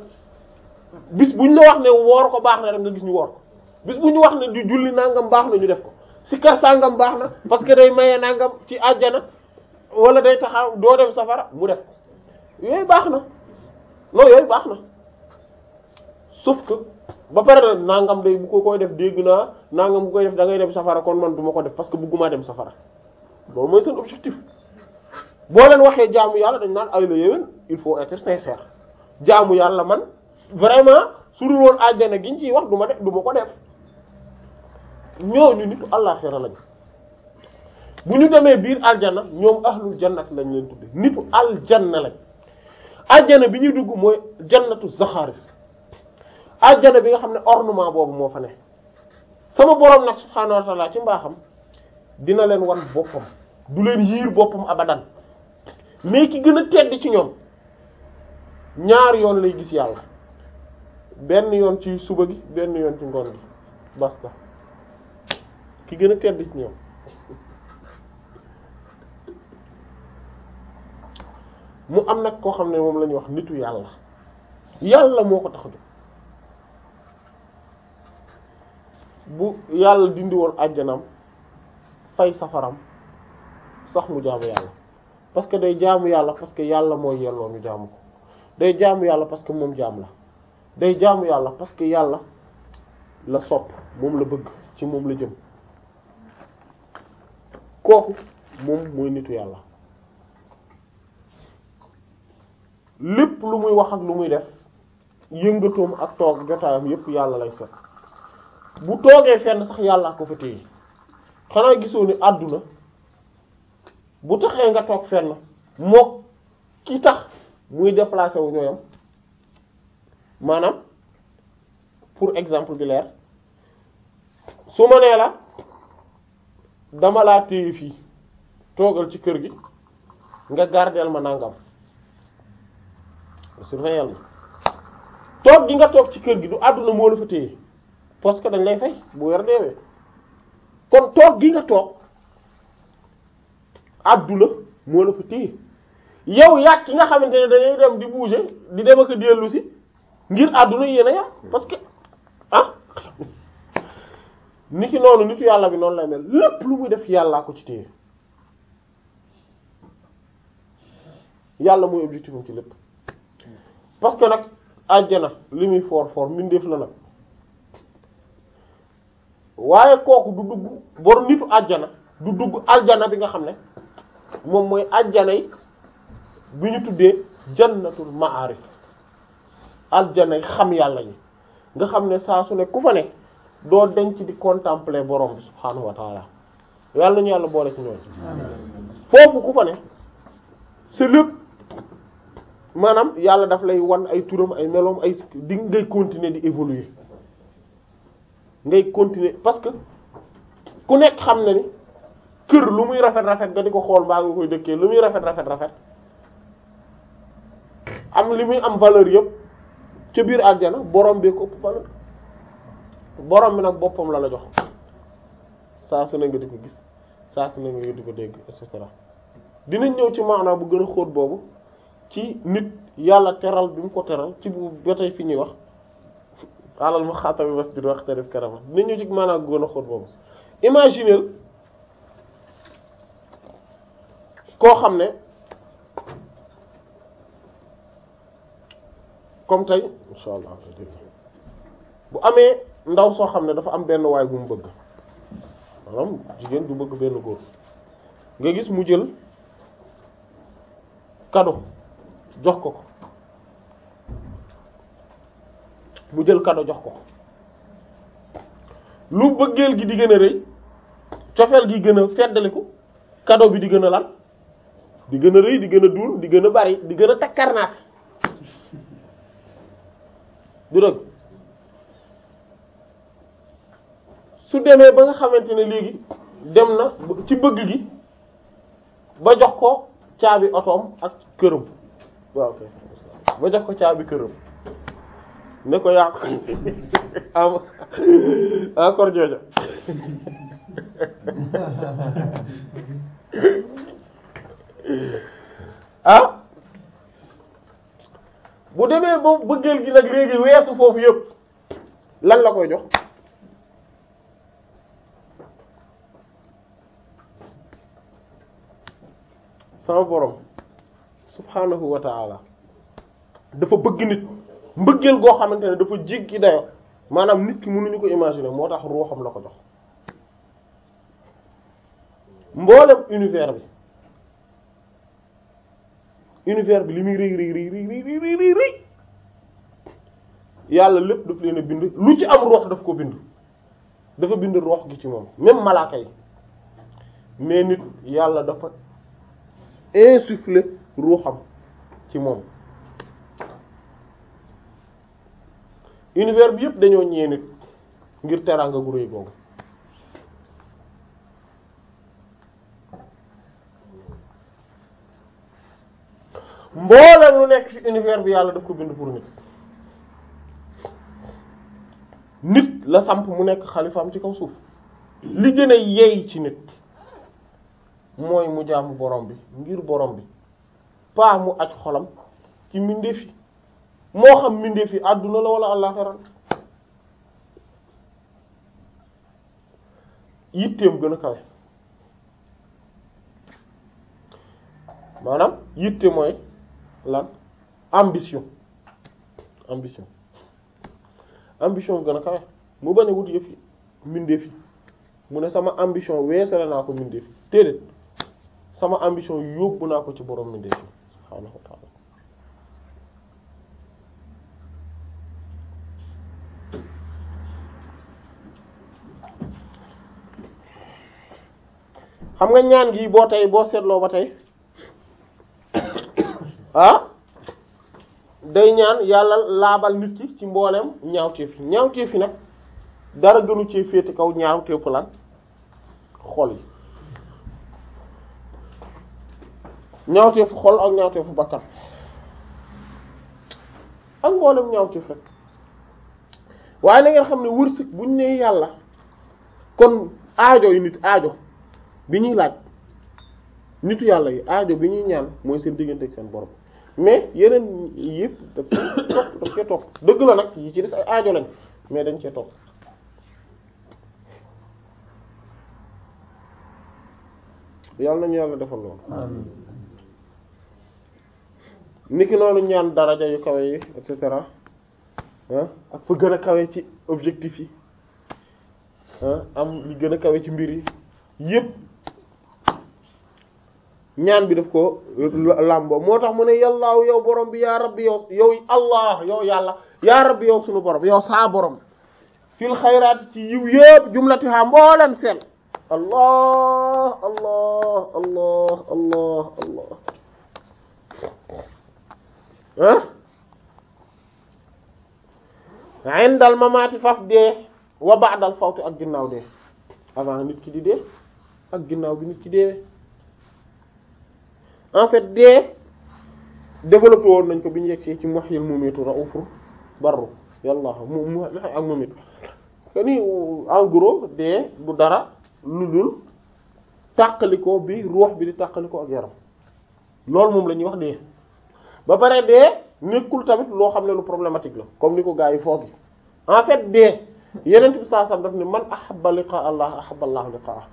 bis bu ñu la wax ne woor ko baax na rek nga gis ñu woor ko bis bu ñu wax ne di julli nangam baax na ñu def ko si kar sangam baax na parce que day maye nangam ci àjjana wala day taxaw doo dem safara mu def yooyu baax na non yooyu baax na sauf que ba pare nangam day bu ko koy def dégg naa nangam bu koy def da ngay dem safara kon man duma ko def parce que bëgguma dem safara boo mooy seen objectif boo leen waxee jaamu yàlla dañ naan ay la yéwén il faut être sincère jaamu yàlla man vraiment su dul woon àjjana gi ñu wax du ma def du ma ko def ñooñu nitu àllaxira lañu bu ñu demee biir aljana ñoom ahlul jannat lañ leen tudde nitu aljanna lañ ajjana bi ñuy dugg mooy jannatu zaxaarif ajjana bi nga xam ne ornement boobu moo fa ne sama boroom nag subhaanahu wa ta'ala ci mbaaxam dina leen wan boppam du leen yiir boppam abadan mais ki gën a tedd ci ñoom ñaar yoon lay gis yàlla benn yoon ci suba gi benn yoon ci ngoon gi basta ki gën a tedd ci ñoom mu am nag koo xam ne moom la ñuy wax nitu yàlla yàlla moo ko tax jóg bu yàlla dindi woon àjjanam fay safaram sax mu jaamu yàlla parce que day jaamu yàlla parce yàlla mooy yelloo ñu jaamu ko day jaamu yàlla parce que moom jaam la day jaamu yàlla parce que yàlla la sopp moom la bëgg ci moom la jëm kooku moom mooy nitu yàlla lépp lu muy wax ak lu muy def yëngatoom ak toog jotaayam yépp yàlla lay fekk bu toogee fenn sax yàlla ko fa téye xanaa gisoo ni àdduna bu taxee nga toog fenn moo ki tax muy déplacé wu ñooyam maanaam pour exemple bi leer su ma nee la dama laa téye fii toogal ci kër gi nga gardeel ma nangam surveillant bi toog gi nga toog ci kër gi du àdduna moo la fa téye parce que dañ lay fay bu weer deewee kon toog gi nga toog àdduna moo la fa téye yow yàq ki nga xamante ne dañuy dem di bouger di a dellu ngir àdduna yéen parce que ah nit ki noonu nitu yàlla bi noonu lay mel lépp lu muy def yàllaa ko ci téye yàlla mooy objectif am ci lépp parce que nag àjjana li muy foor foor mbindeef la nag waaye kooku du dugg bor nitu àjjana du dugg aljana bi nga xam ne moom mooy àjjana yi bi ñu tuddee jannatul ma'arif aljana yi xam yàlla yi nga xam ne saa su ne ku fa ne doo denc di contempler borom bi subhaanahu wa yàlla ñu yàlla boole ci ñoom foofu ku fa ne c'est lépp maanaam yàlla daf lay wan ay turam ay meloom ay di ngay continuer di évoluer ngay continuer parce que ku nekk xam na ni kër lu muy rafet rafet nga di ko xool mbaa nga koy dëkkee lu muy rafet rafet rafet am li muy am valeur yëpp ca biir àjjana borom bee ko ëpp valeur borom bi nag boppam la la jox saa su ne nga di ko gis saa su ne nga di ko dégg et cetera dinañ ñëw ci maanaam bu gën a xóot boobu. ci nit yàlla teral bi mu ko teral ci bu ba tey fi ñuy wax alal ma xaatami was dir wax tarif karama dinañu ci maanaam gën a xóot boobu imagineel koo xam ne comme tey bu amee ndaw soo xam ne dafa am benn waay bu mu bëgg maanaam jigéen du bëgg benn góor nga gis mu jël cadeau jox ko ko mu jël kado jox ko ko lu bëggeel gi di gën a rëy cofeel gi gën a feddaliku kado bi di gën a lan di gën a rëy di gën a duur di gën a bari di gën a takkarnaas du dëgg su demee ba nga xamante ne léegi dem na ci bëgg gi ba jox ko caabi otom ak këram waaw ok ba jox ko caabi këram ne ko yaa am encore jooja ah bu demee ba bëggeel gi nag léegi weesu foofu yépp lan la koy jox sama borom subhaanahu wa taala dafa bëgg nit mbëggeel goo xamante ne dafa jéggi dayo maanaam nit ki mënuñu ko imaginer moo tax ruuxam la ko jox mboolem univers bi univers bi li muy rëy rëy rëy rëy yàlla lépp daf leen a bind lu ci am ruux daf ko bind dafa bind ruux gi ci moom même malaaka yi mais nit yàlla dafa insuffler ruuxam ci moom univers bi yëpp dañoo ñëwee nit ngir teraanga gu rëy boobu mboolem lu nekk ci univers bi yàlla daf ko bind pour nit nit la samp mu nekk xalifaam ci kaw suuf li gën a yey ci nit mooy mu jaamu borom bi ngir borom bi paa mu aj xolam ci mbindeef yi moo xam mbindeef yi àdduna la wala àllaaxira yitteem gën a kawe maanaam yitte mooy lan ambition ambition ambition gën a kawe mu bañ a wut yëf fi mbindeef yi mu ne sama ambition weesale naa ko mbindeef yi déedéet sama ambition yóbbu naa ko ci borom mbindeef yi xam nga ñaan gi boo tey boo seetloo ba tey ah day ñaan yàlla laabal nit ki ci mboolem ñaawteef yi ñaawteef yi nag dara gënu ci féete kaw ñaawteefu la xol yi ñaawteefu xol ak ñaawteefu bakkan ak mboolem ñaawteef rek waaye na ngeen xam ne wërsëg bu ñu nee yàlla kon aajo yu nit aajo bi ñuy laaj nitu yàlla yi aajo bi ñuy ñaan mooy seen diggante ak seen borom mais yeneen yëpp daf topp cee topp dëgg la nag yi ci des ay aajo lañ mais dañ cee topp yàlla nañu yàlla defal loolu niki noonu ñaan daraja yu kawe yi et cetera fa gën a kawe ci objectif yi am gën a kawe ci mbir yi yépp ñaan bi def ko làmboo moo tax mu ne yàllaaw yow borom bi yaa rabbi yow yow allah yow yàlla yaa rabbi yow sunu borom yow saa borom fil xayraat ci yiw yépp jumlatiha mboolem seen allah allah allah allah ah indal mamaati faf dee wa ba'dal fawti ak ginnaaw dee avant nit ki di dee ak ginnaaw bi nit ki deewee en fait dee développé woon nañ ko bi ñu yegsee ci muhyil mumitu raufur barru yàlla mu mu ak mumitu ni en gros dee du dara lu dul tàqalikoo bi ruux bi di tàqalikoo ak yaram loolu moom la ñuy wax dee ba pare dee nekkul tamit loo xam ne lu problématique la comme ni ko gaa yi foogi en fait dee yeneen bi saa sam daf ne man ahabba liqa allah ahabba allah liqaah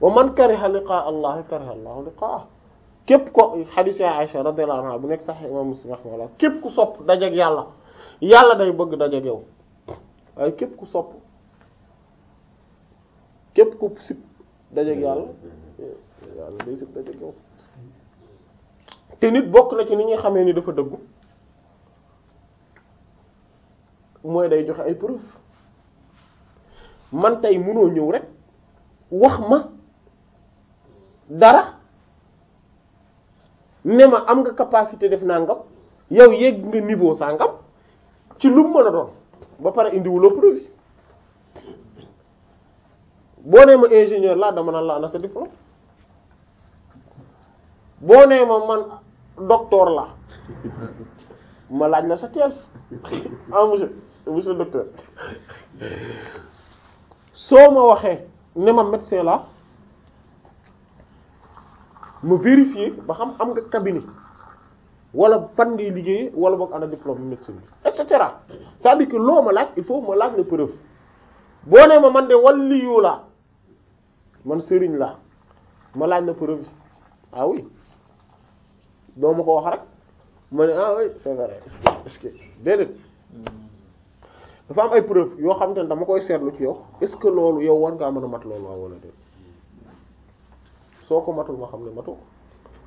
wa man kariha liqa allah kariha allah liqaah képp ko xadiis ya Aisha radiyallahu anha bu nekk sahih imam Muslim rahimahullah képp ku sopp dajeg yàlla yàlla day bëgg dajeg yow waaye képp ku sopp képp ku sib dajeg yàlla day sib dajeg yow te nit bokk na ci ni ñuy xamee ni dafa dëggu mooy day joxe ay preuve man tey mënoo ñëw rek wax ma dara ne ma am nga capacité def nangam yow yegg nga niveau sangam ci lu mu a doon ba pare indiwuloo preuve boo nee ma ingénieur laa dama na laa ana sa diplôme boo nee ma man docteur la ma laaj na sa thèse ah monsieur monsieur docteur soo ma waxee ne ma médecin la ma vérifier ba xam am nga cabinet walla fan ngay liggéeyee wala boog ana diplôme médecine bi et cetera c'est-à-dire que loo ma laaj il faut ma laaj la preuve boo nee ma man de waliyu laa man sëriñ la ma laaj la preuve ah oui doo ma ko wax rek ma ne ah oui c'est vrai est déedéet hmm. dafa am ay preuve yoo xam te ne dama koy seetlu ci yow est-ce loolu yow war ngaa man a mat loolu waaw wala déet soo ko matul ma xam ne matu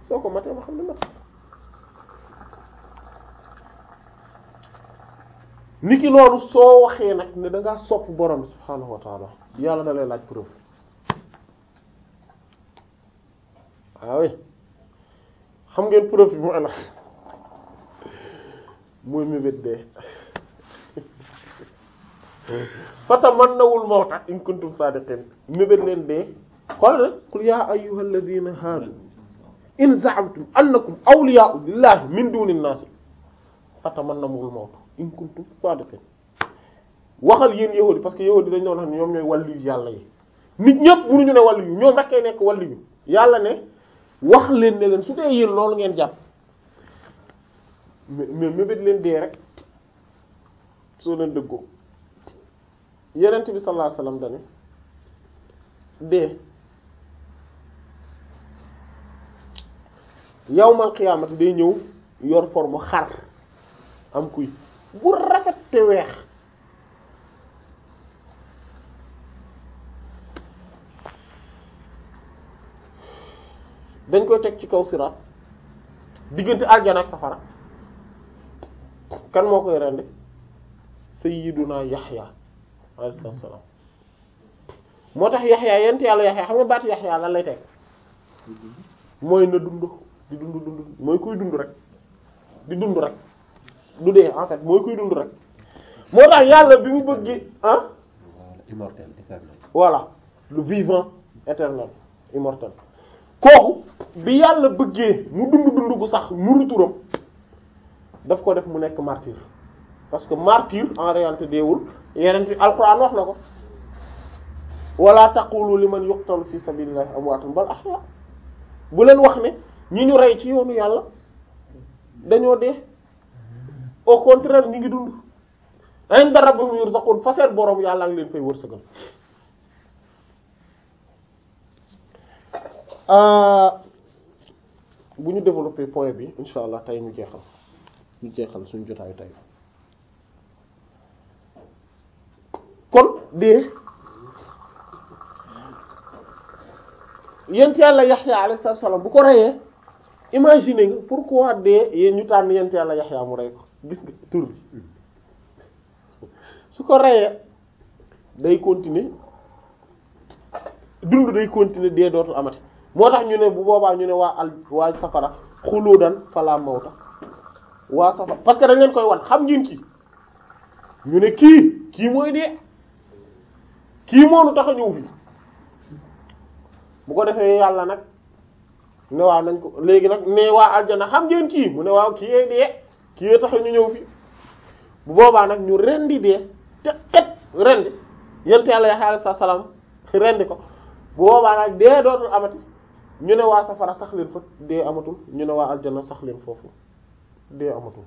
ko matee ma xam ne matu ni ki loolu soo waxee nag ne da ngaa sopp borom bi subhaanahu yàlla na lay laaj preuve ah xam ngeen profit mu ana mooy mébét dee fatamannawul mawta in kuntum sadiqin mébét leen dee xool ya qul yaa ayyuhal ladina haadu in za'amtum annakum awliya'u lillahi min duni nnaas fatamannawul mawta in kuntum sadiqin waxal yéen yahudi parce que yahudi dañ doon wax ne ñoom ñooy wàllu yàlla yi nit ñëpp mënuñu ne wàllu yu ñoom rek kay nekk wàllu yu yàlla ne wax leen ne leen su dee yéen loolu ngeen jàpp mais mébét leen dee rek soo leen dëggoo yenent bi sallallahu alayhi wasallam dee yawmal qiyaamati day ñëw yor forme xar am kuy bu rafet te weex dañ koy teg ci kaw siraat diggante aljana ak safara kan moo koy rendi sayyiduna yaxya alayhi salaam moo tax yaxya yent yàlla yaxya xam nga baatu yaxya lan lay teg mooy na dund di dund dund mooy koy dund rek di dund rek du dee en fait mooy koy dund rek moo tax yàlla bi mu bëgg ah immortel éternel voilà le vivant éternel immortel kooku bi yàlla bëggee mu dund dund bu sax nuru turam daf ko def mu nekk martyr parce que martyr en réalité deewul yeneen ci alxuraan wax na ko wala taqulu liman yuqtalu fi sabilillahi amwaatun bal ahya bu leen wax ni ñi ñu rey ci yoonu yàlla dañoo dee au contraire ñi ngi dund inda rabbihim yurzaqun fa seen boroom yàlla ngi leen fay wërsëgal Euh, bu ñu développé point bi incha allah tey ñu jeexal ñu jeexal suñu jotaayu tey kon dee yent yàlla yaxya alayhi salaam bu ko reyee imagine pour pourquoi dee yéen ñu tànn yent yàlla yaxya mu rey ko gis nga tur bi su ko reyee day continuer dund day continuer dee dootul amati moo tax ñu ne bu boobaa ñu ne waa al waa safara xuluudan fala mawta waa safara parce que dañ leen koy wan xam ngeen kii ñu ne kii kii mooy dee kii moonu tax ñëw fii bu ko defee yàlla nag ne waa nañ ko léegi nag mais waa aljana xam ngeen kii mu ne waaw kii yee dee kii yee tax ñu ñëw fi bu boobaa nag ñu rendi dee te rendi yent yàlla ya xaala sa salaam rendi ko bu boobaa nag dee dootul amati ñu ne waa safara sax leen fa dee amatul ñu ne waa aljana sax leen foofu dee amatul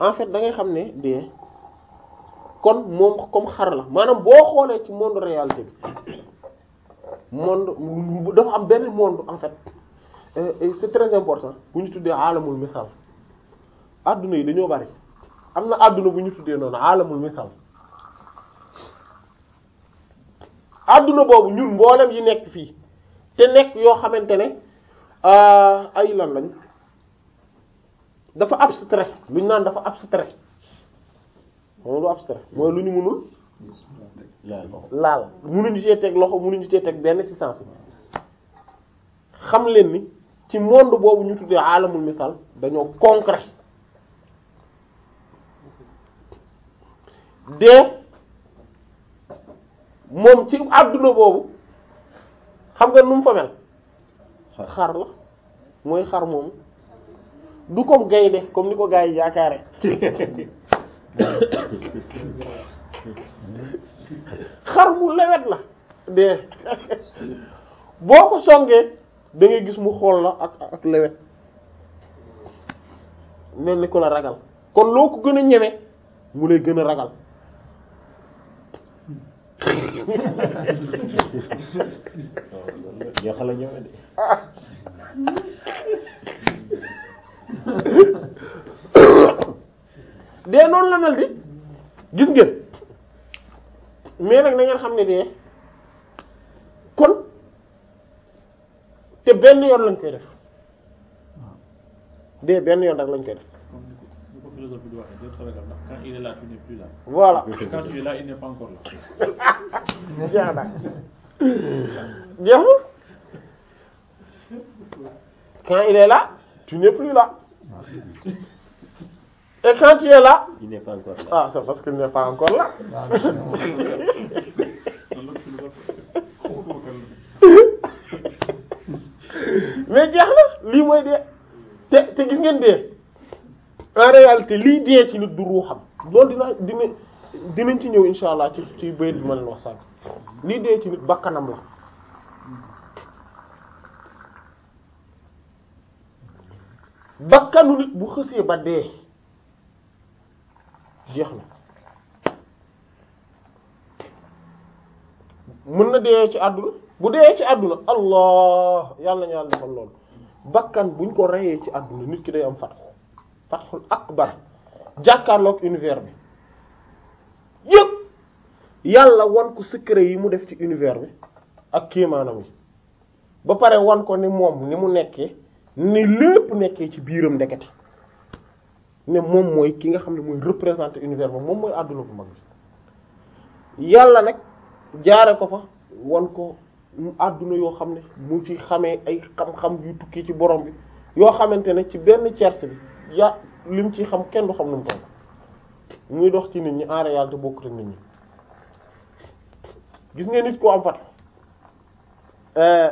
en fait da ngay xam ne dee kon moom comme xar la maanaam boo xoolee ci monde réalité bi monde dafa am benn monde en fait euh, et c'est très important bu ñu tuddee aalamul misaal adduna yi dañoo bari am na adduna bu ñu tuddee noonu aalamul misaal adduna boobu ñun mboolem yi nekk fii te nekk yoo xamante ne euh, ay lan lañ dafa abstrait lu ñu naan dafa abstrait moom lu abstrait mooy lu ñu mënul laal mënuñu cee teg loxo mënuñu cee teg benn ci sens xam leen ni ci monde boobu ñu tuddee alamul misaal dañoo concret de moom ci àdduna boobu xam nga nu mu fa mel xar la mooy xar moom du comme gaynde comme ni ko gaa yi yaakaare xar mu lewet la de boo ko songee dangay gis mu xool la ak ak lewet mel ni ko la ragal kon loo ko gën a ñeme mu lay gën a ragal jeexal a ñëwee de. dee noonu la mel di gis ngeen mais nag na ngeen xam ne dee kon te benn yoon lañ koy def de benn yoon rek lañ koy def. philosophe bi di waxee day torogal ndax quand il est là tu n'es plus là. voilà quand tu es là il n'est pas encore là. jeex na jeex na quand il est là tu n'es ah, te te gis ngeen en réalité liy dee ci nit du ruuxam loolu dina dina dinañ ci ñëw insha allah ci ci bayit bi ma leen wax sànq lii dee ci nit bakkanam la bakkanu nit bu xësee ba dee jeex na mën na dee ci àdduna bu dee ci àdduna allah yàlla ñu yàlla defal loolu bakkan buñ ko reyee ci àdduna nit ki day am fat fatxul akbar jàkkaarloog univers bi yëpp yàlla wan ko secret yi mu def ci univers bi ak kéemaanam yi ba pare wan ko ni moom ni mu nekkee ni lépp nekkee ci biiram ndekete ne moom mooy ki nga xam ne mooy représenter univers ba moom mooy àdduna bu mag yàlla nag jaare ko fa wan ko àdduna yoo xam ne mu ci xamee ay xam-xam yu tukki ci borom bi yoo xamante ne ci benn cerce bi ya lim ci xam kenn du xam nu mu toll muy dox ci nit ñi en réalité bokkut ak nit ñi gis nga nit ku am fat euh,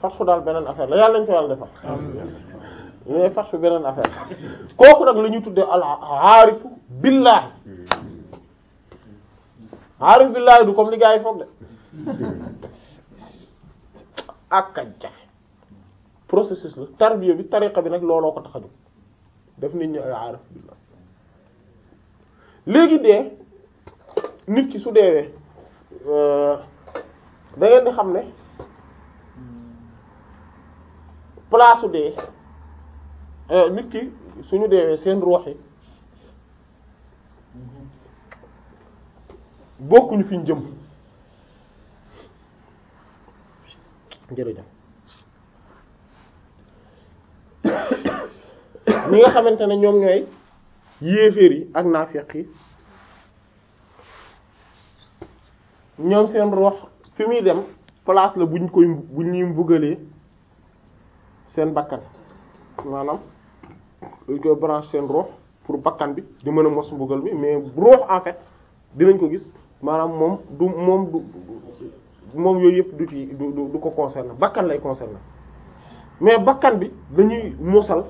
fatxu daal beneen affaire la yàlla nañu ko yàlla defal mais fatxu beneen affaire kooku nag la ñuy tuddee al aarifu billaahi hmm. aarif billaahi du comme li foog de ak a jafe processus la tarbiya bi tariqa bi nag looloo ko tax a jóg def nit ñi ay aarif billah léegi dee nit ki su deewee euh, da ngeen di xam ne place dee euh, nit ki suñu deewee seen ruux yi bokkuñu fi ñu jëm. jërëjëf ñi nga xamante ne ñoom ñooy yéeféer yi ak naafeq yi ñoom seen rox fi muy dem place la buñ koy bu ñuy mbugalee seen bakkan maanaam luñ koy branche seen rox pour bakkan bi di mën a mos mbugal bi mais rox en fait dinañ ko gis maanaam moom du moom du moom yooyu yëpp du ci du du ko concerner bakkan lay concerner mais bakkan bi dañuy musal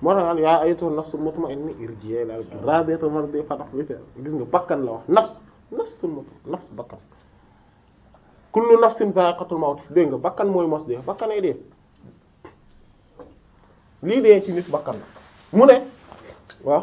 moo tax yaa ayyatuha nafsul mutma'inna irji'i ila rabbiki radiyatan mardiyatan fartaxbi gis nga bakkan la wax nafs su mutma'inna nafs bakkan kullu nafsin dha'iqatul bakkan mooy mos dee bakkan ay dee ci nit bakkan la mu ne waaw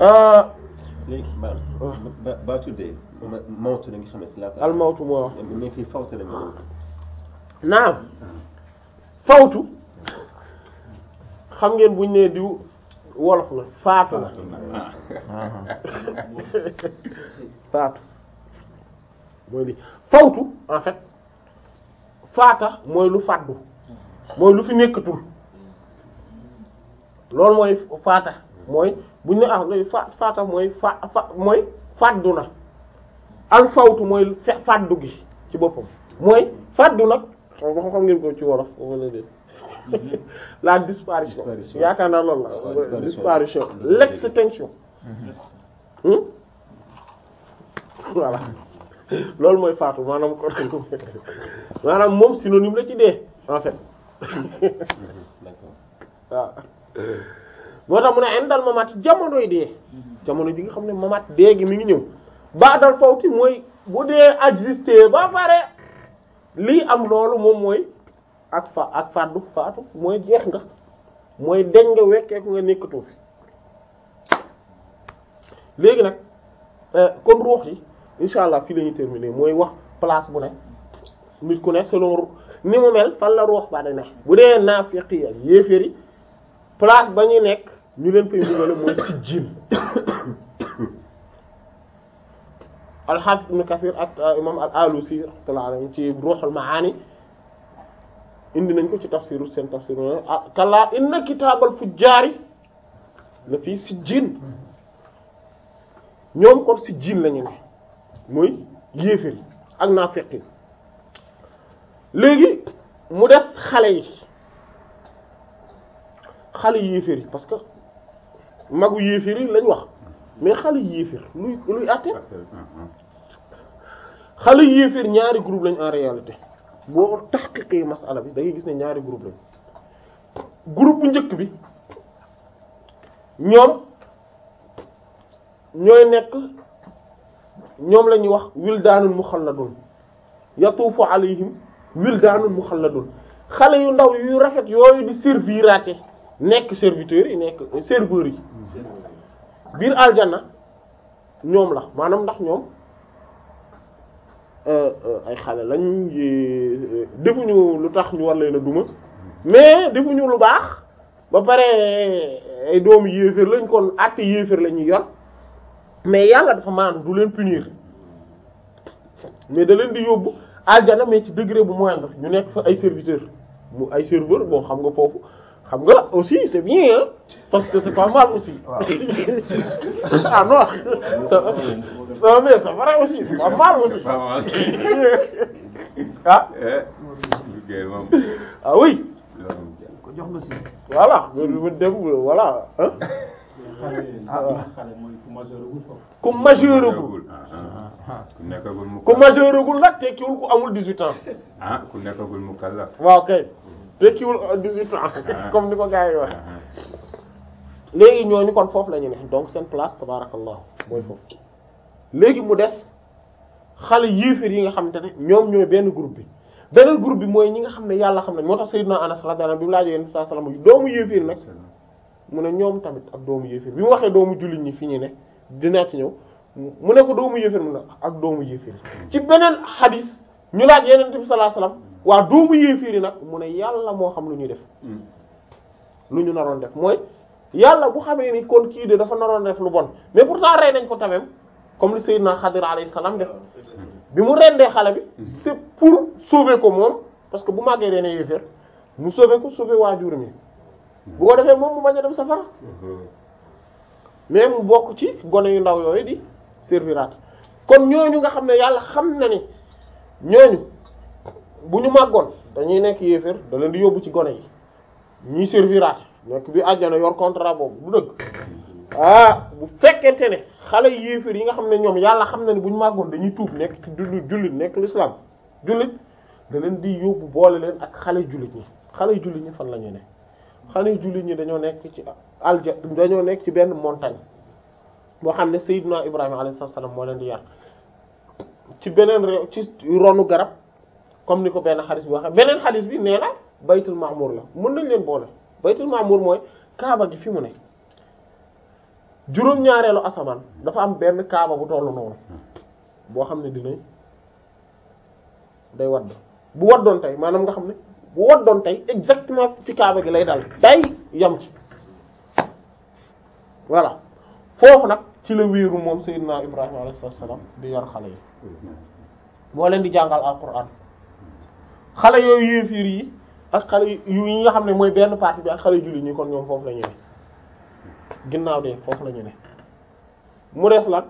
Euh, léegi ba ba ba xam fawtu xam ngeen buñ nee diw wolof la faatu ah. la faatu mooy en fait faata mooy lu fàddu mooy lu fi nekkatul loolu mooy faata mooy buñ ne ah faata mooy fa fa mooy fàddu na al fawtu mooy fàddu gi ci boppam mooy fàddu nag xam ngeen ko ci wolof wala déet mm-hmm. yaakaar naa loolu la disparition mm-hmm. l'extinction mm-hmm. Hmm? voilà mooy faatu maanaam maanaam moom synonyme la ci dee en waaw moo tax mu ne indal mamaat jamonoy dee jamono ji nga xam ne mamaat dee gi mi ngi ñëw ba dal fawti mooy bu dee existé ba pare lii am loolu moom mooy ak fa ak fàddu faatu mooy jeex nga mooy deñ nga wekkeeku nga nekkatoo fi léegi nag euh, kon ruux yi incha allah fii la ñuy mooy wax place bu ne nit ku ne selon ni mu mel fan la ruux ba di bu dee naafiq yi ak yéeféer yi place ba ñu nekk ñu leen fay mbugal mooy sijjiin alxaafis ibn Kasiir ak euh, imam al Alusi rahmatullah Maani indi nañ ko ci tafsiru seen tafsiru ah kallaa inna kitaabal fujjaari la fii sijjiin ñoom kon sijjiin lañu ne mooy yéeféer ak naafiq yi léegi mu def xale yi xale yéeféer parce que magu yéefir yi lañ wax mais xale yéefir luy luy àtte xale yéefir ñaari groupe lañ en réalité boo taxqiqee masala bi da gis ne ñaari groupe lañ groupe bu njëkk bi ñoom ñooy nekk ñoom la ñuy wax wildaanul muxalladun yatuufu alayhim wildaanul muxalladun xale yu ndaw yu rafet yooyu di serviraate nekk serviteurs yi nekk serveurs yi biir aljanna ñoom la maanaam ndax ñoom euh, euh, ay xale lañ euh, defuñu lu tax ñu wallee leen a duma mais defuñu lu baax ba pare ay doomu yéeféer lañ kon àtte yéeféer la ñuy yor mais yàlla dafa maandu du leen punir mais da leen di yóbbu aljana mais ci degré bu moindre ñu nekk fa ay serviteur mu ay serveur boo xam nga foofu xam nga aussi c'est bien hein parce que c'est pas mal aussi ah non non mais c'est vrai aussi c'est pas mal aussi ah ah oui voilà dem voilà hein ku majeuragul ku majeuragul nag tekkiwul ku amul 18 ans ah ku nekkagul mukallaf waaw kay tekkiwul euh, dix-huit ah, ah. comme ni ko gars yi ah, wax léegi ñooñu kon foofu la ñu ne donc seen place tabarakallah mooy foofu léegi mu des xale yéefér yi nga xamante ne ñoom ñooy benn groupe bi beneen groupe bi mooy ñi nga xam ne yàlla xam nañ moo tax Sayyidina Anas radiyallahu anhu bi mu laajee yéen saa salaam doomu yéefér nag mu ne ñoom tamit ak doomu yéefér bi mu waxee doomu jullit ñi fi ñu ne dinaa ci ñëw mu ne ko doomu yéefér mu ne ak doomu yéefér hmm. ci beneen xadis ñu laaj yeneen bi waa doomu yéeféer yi nag mu ne yàlla moo xam lu ñuy def hmm. lu ñu noroon def mooy yàlla bu xamee ni kon kii de dafa noroon def lu bon mais pourtant rey nañ ko tamit comme li Seydina Xadir alayhi salaam def bi mu rendee xale bi hmm. c'est pour sauver ko moom parce que bu màggee dee ne yéeféer mu sauver ko sauver waajur mi hmm. bu ko defee moom mu bañ a dem safara mais mu bokk ci gone yu ndaw yooyu di servirat kon ñooñu nga xam ne yàlla xam na ni ñooñu bu ñu màggoon dañuy nekk yéeféer da leen di yóbbu ci gone yi ñuy serviraat nekk bi àjjana yor contrat boobu du dëgg ah bu fekkente ne xale yéeféer yi nga xam ne ñoom yàlla xam na ne bu ñu màggoon dañuy tuub nekk ci jullit jullit nekk l'islam jullit da leen di yóbbu boole leen ak xale jullit ñi xale jullit ñi fan la ñu ne xale jullit ñi dañoo nekk ci alja dañoo nekk ci benn montagne boo xam ne Seydina Ibrahima alayhi salaam moo leen di yar ci beneen réew ci ronu comme ni ko benn xadis bi waxee beneen xadis bi nee na baytul maamur la mën nañ leen boole baytul maamur mooy kaaba gi fi mu ne juróom-ñaareelu asamaan dafa am benn kaaba bu tollu noonu boo xam ne dinañ day wadd bu waddoon tey maanaam nga xam ne bu waddoon tey exactement ci kaaba gi lay dal day yam ci voilà foofu nag ci la wéeru moom Seydina Ibrahima alayhi salaam di yar xale yi mm-hmm. leen di jàngal alquran xale yooyu yéefiir yi ak xale yu yi nga xam ne mooy benn partie bi ak xale julli ñi kon ñoom foofu la ne ginnaaw de foofu lañu ñu ne mu des lan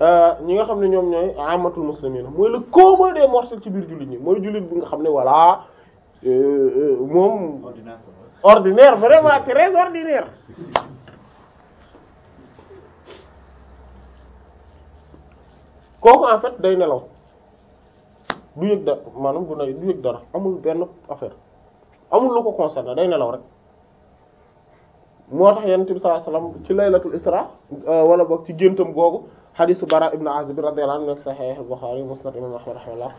euh, ñi nga xam ne ñoom ñooy amatul muslimin mooy le commun des mortels ci biir jullit ñi mooy jullit bi nga xam ne voilà euh, euh, moom ordinaire vraiment très ordinaire kooku en fait day nelaw du yëg dara maanaam du nay du yëg dara amul benn affaire amul lu ko concerné day nelaw rek moo tax yonent bi sallallahu alayhi ci laylatul isra euh, wala boog ci géntam googu xadiisu bara ibn azib radiyallahu anhu nekk sahih al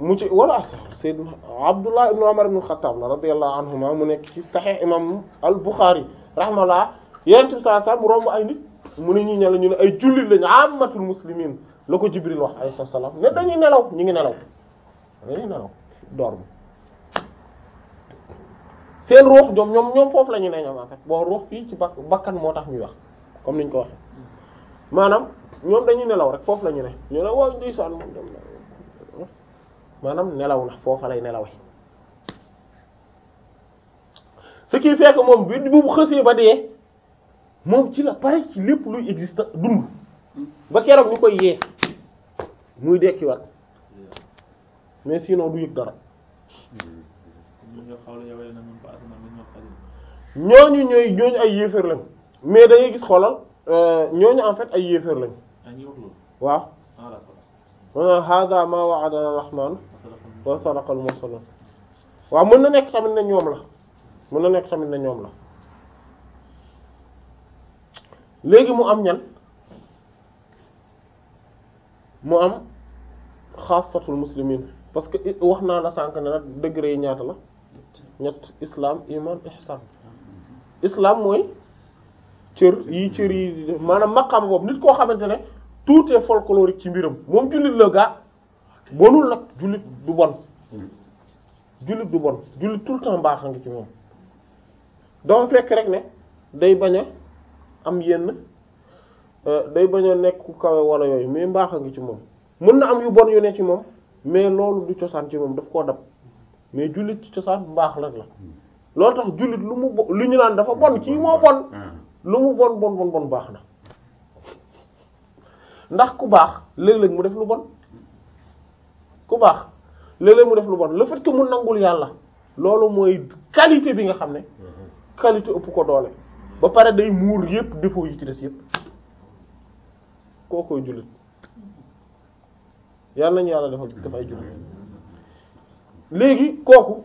mu ci wala sayyidina abdullah ibn umar ibn khattab la radiyallahu anhuma mu nekk ci sahih imam al-bukhari rahimahullah yonent bi sallallahu alayhi wasallam mu romb ay nit mu ne ñi ñe ñu ne ay jullit lañu amatul muslimin loo ko Jibril wax ay sa salaam ne dañuy nelaw ñu ngi nelaw dañuy nelaw door seen ruux ñoom ñoom foofu la ñu ne ñoom en fait bon ruux bakkan moo tax ñuy wax comme niñ ko waxee maanaam ñoom dañuy nelaw rek foofu la ñu ne ñu ne waaw ndeysaan moom dem na maanaam nelaw na foofa lay nelawee ce qui fait moom bi bu xësee ba dee moom ci la pare ci lépp luy existe dund ba keroog ñu koy yee muy dekkiwaat mais sinon du yëg dara ñooñu ñooy ñooñu ay yéeféer lañ mais da ngay gis xoolal euh, ñooñu en fait ay yéeféer lañ waaw mana hada ma wa'adana rahman wa mën na nekk tamit ne ñoom la mën na nekk tamit ne ñoom la léegi mu am ñan mu am xaasatul muslimin parce que wax naa la sànq ne la degré yi ñaata la ñett islaam iman ihsan mooy cër yi cër yi maanaam maqaam boobu nit koo xamante ne tout est folklorique ci mbiram moom jullit la gaa bonul nag jullit du bon jullit du tout le temps baax a ngi ci moom dama fekk rek ne day bañ a am yenn Euh, day bañ a nekk ku kawe wala yooyu mais mbaax a ngi ci moom mën na am yu bon yu ne ci moom mais loolu du cosaan ci moom daf koo dab mais jullit ci cosaan mbaax la la loolu tax jullit lu mu bo ñu naan dafa bon kii moo bon lu mu bon bon bon bon baax na ndax ku baax léeg-léeg mu def lu bon ku baax léeg-léeg mu def lu bon le fait que mu nangul yàlla loolu mooy qualité bi nga xam ne qualité ëpp ko doole ba pare day muur yépp défaut yi ci des yépp kookoy jullit yàlla nañu yàlla defal def ay jullit léegi kooku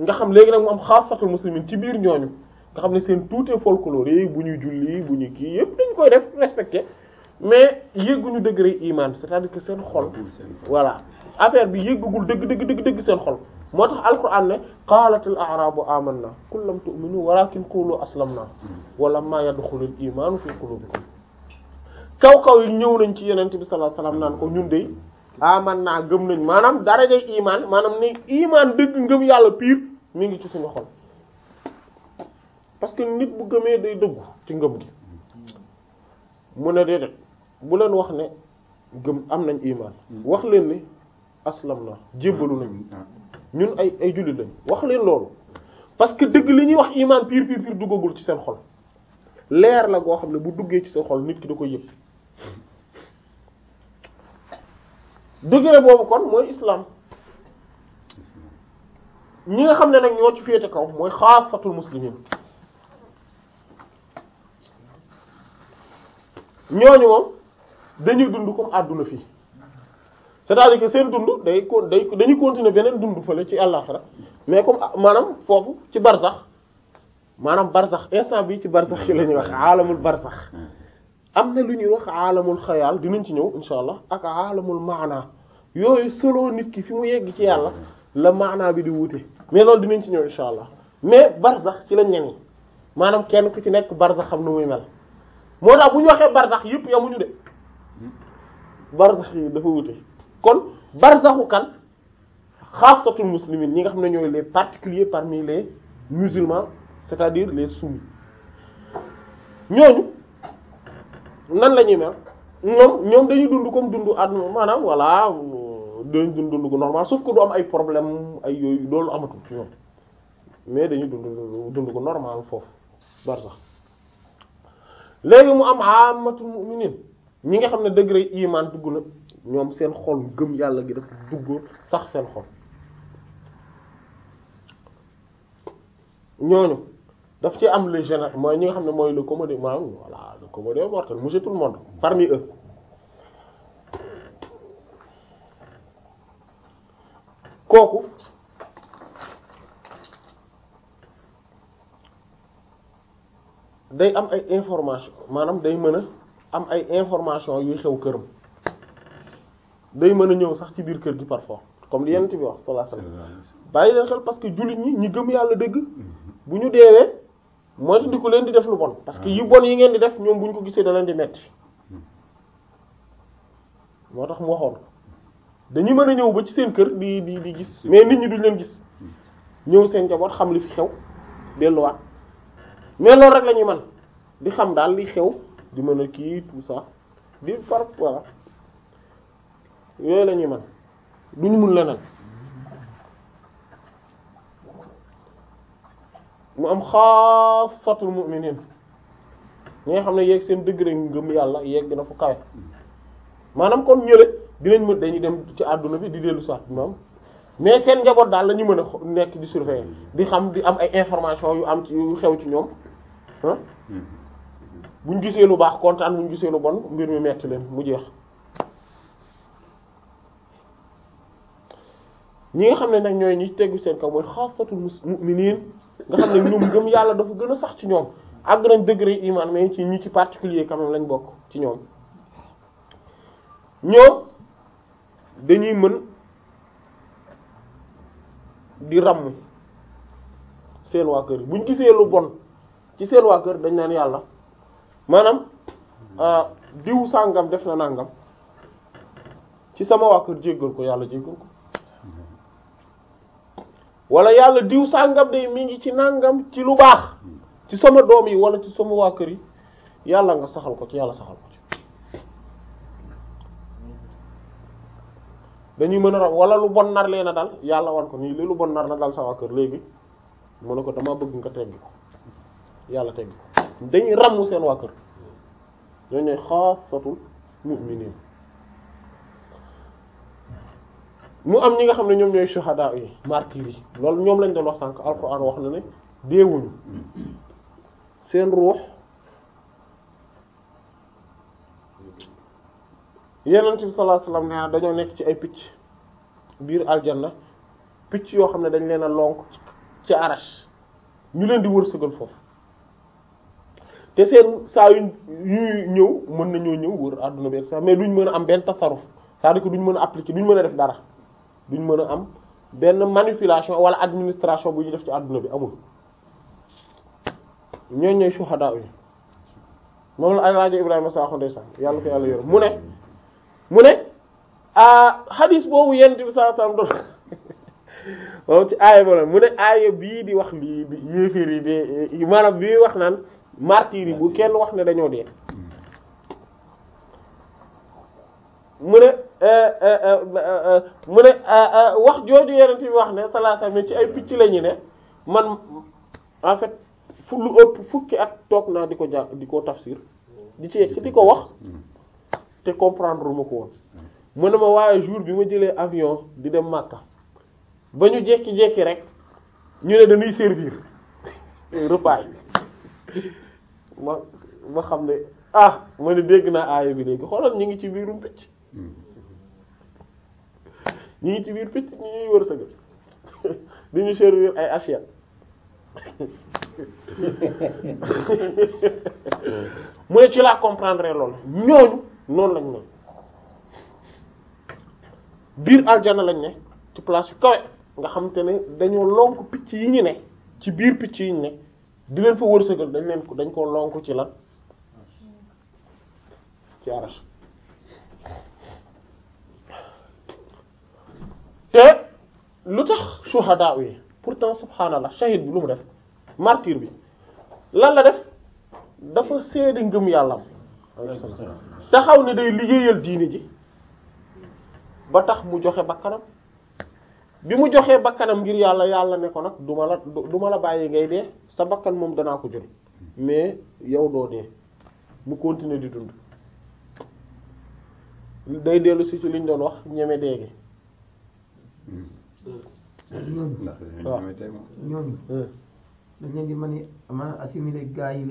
nga xam léegi nag mu am xaasatul muslimin ci biir ñooñu nga xam ne seen tuutee folklore yi bu ñuy julli bu ñuy kii yépp dañ koy def respecté mais yëgguñu degré iman c'est-à-dire que seen xol voilà affaire bi yëggagul dëgg dëgg dëgg seen xol moo tax alquran ne qaalatil a'raabu amanna qul lam tu'minu walakin qulu aslamna wa lamma yadxulul imaanu fi qulubikum kaw-kaw yi ñëw nañ ci yenent bi sallallahu alayhi wasallam naan ko ñun de aman naa gëm nañ maanaam darajay iman maanaam ne iman dëgg ngëm yàlla pire mi ngi ci suñu xol parce que nit bu gëmee day dëggu ci ngëm gi mu ne déedéet bu leen wax ne gëm am nañ iman wax leen ne aslam na jébbalu nañ ñun ay ay jullit lañ wax leen loolu parce que dëgg li ñuy wax iman pire pire pire duggagul ci seen xol leer la goo xam ne bu duggee ci seen xol nit ki da koy yëpp degré boobu kon mooy islaam ñi nga xam ne nag ñoo ci féete kaw mooy xaasatul muslimin ñooñu moom dañuy dund comme àdduna fii c'est-à-dire que seen dund day ko day dañuy continuer beneen dund fële ci àllaxira mais comme maanaam foofu ci barsax maanaam barsax instant bi ci barsax ci la ñuy wax aalamul barsax am na lu ñuy wax aalamul xayaal dinañ ci ñëw insha allah ak aalamul maanaa yooyu selon nit ki fi mu yegg ci yàlla la maanaa bi di wuute mais loolu dinañ ci ñëw insha allah mais barzax ci lañ ñeni maanaam kenn ku ci nekk barzax xam nu muy mel moo tax bu ñu waxee barzax yëpp yamuñu de barzax yi dafa wute kon barzaxu kan xaasatul muslimin ñi nga xam ne ñooy les particuliers parmi les musulmans c'est-à-dire les soumis ñooñu nan la ñuy mel ñoom ñoom dañuy dund comme dund àdduna maanaam voilà dañuy dund dund gu normal sauf que du am ay problème ay yooyu loolu amatul ci ñoom mais dañuy dund gu normal foofu bar sax léegi mu am amatul mu'minin ñi nga xam ne degré iman dugg na ñoom seen xol gëm yàlla gi dafa dugg sax seen xol ñooñu daf ci am le général mooy ñi nga xam ne mooy le commode maanaam voilà le commode mortel monsieur tout le monde parmi eux kooku day am ay information maanaam day mën a am ay information yuy xew këram day mën a ñëw sax ci biir kër gi parfois comme li yenn bi wax sallallahu alayhi wasallam bàyyi leen xel parce jullit ñi ñi gëm yàlla dëgg bu ñu deewee ko leen di def lu bon parce que ah. yu bon yi ngeen di def ñoom ñu ko gisee da leen di metti hmm. moo tax mu waxoon dañuy mën a ñëw ba ci seen kër di di di gis hmm. mais nit ñi duñ leen gis hmm. ñëw seen njaboot xam li fi xew delluwaat mais loolu rek la ñuy di xam daal li xew di mën a kii tout ça di par voilà yooyu la ñuy mën duñu mun leneen mu am xaasatul mu'minin ñi nga xam ne yeeg seen degré ngëm yàlla yeeg na fu kawe maanaam kon ñële dinañ mën dañuy dem ci àdduna bi di dellu si àdduna mais seen njaboot daal la mën a nekk di surveiller di xam di am ay information yu am ci xew ci ñoom ah buñ gisee lu baax kontaan buñ gisee lu bon mbir mi metti leen mu jeex ñi nga xam ne nag ñooy ñi teggu seen kaw mooy xaasatul mu'minin nga xam ne ñoom gëm yàlla dafa gën a sax ci ñoom àgg nañ degré iman mais ci ñi ci particulier quand même lañ bokk ci ñoom ñoom dañuy mën di ràmm seen waa kër yi buñ gisee lu bon ci seen waa kër dañ naan yàlla maanaam ah, diw sàngam def na nàngam ci sama waa kër jéggal ko yàlla jéggal ko wala yàlla diw sàngam day mi ngi ci nàngam ci lu baax ci sama doom yi wala ci sama waa kër yi yàlla nga saxal ko ci yàlla saxal ko ci dañuy mën a ra wala lu bon nar leena daal yàlla wan ko nii li lu bon nar na daal sa waa kër léegi mu ne ko dama bëgg nga teggi ko yàlla teggi ko dañuy ràmmu seen waa kër ñoo ñooy xaasatul mu'minin mu am ñi nga xam ne ñoom ñooy shuhada yi martyr yi loolu ñoom lañ doon wax sànq alquran wax na ne deewuñu seen ruux yenent bi sallallahu alayhi wasallam nekk ci ay picc biir aljanna picc yoo xam ne dañ leen a lonk ci arash ñu leen di wërsëgal foofu te seen saa yu ñëw mën nañoo ñëw wër àdduna bi sax mais duñ mën a am benn tasaruf c'est-à-dire que duñ mën a appliquer ñu mën a def dara duñ mën a am benn manipulation wala administration bu ñu def ci àdduna bi amul ñooñ ñooy shuhada moom la alaaji Ibrahima Sakho ndeysaan yàlla ko yàlla yor mu ne mu ne hadis boobu yent bi saa saam doon moom ci aaya ba mu ne aaya bii di wax lii di yéeféer yi maanaam bii wax naan martyr yi bu kenn wax ne dañoo dee mu ne eh, eh, eh, mu ne wax jooju yonent bi wax ne salaasa ne ci ay picc la ñu ne man en fait fu lu ëpp fukki at toog naa di ko jàng di ko tafsir di ci di ko wax te comprendre ma ko woon mu ne ma waaye jour bi ma jëlee avion di dem Makka ba ñu jekki-jekki rek ñu ne dañuy servir repas yi ma ma xam ne ah ma ne dégg naa aaya bi léegi xoolal ñu ngi ci biirum picc Mmh. ñu ngi ci biir picc ñu ñuy wër sëgal di ay assiette mu ne ci laa comprendre lool ñooñu noonu lañ ne biir aljana lañ ne ci place yu kawe nga xam te ne dañoo lonk picc yi ñu ne ci biir picc yi ñu ne di leen fa wërsëgal dañ leen ko dañ ko lonk ci la ci te lu tax shuhada yi pourtant subhaanallah shahid bi lu mu def martyr bi lan la def dafa seede ngëm yàllam taxaw ne day liggéeyal diine ji ba tax mu joxe bakkanam bi mu joxee bakkanam ngir yàlla yàlla ne ko nag du ma la du la bàyyi ngay dee sa bakkan moom danaa ko jël mais yow doo dee mu continuer di dund day dellu si ci liñ doon wax ñeme dee gi ñooñu ndax waaw ñooñu dañ leen di gaa yi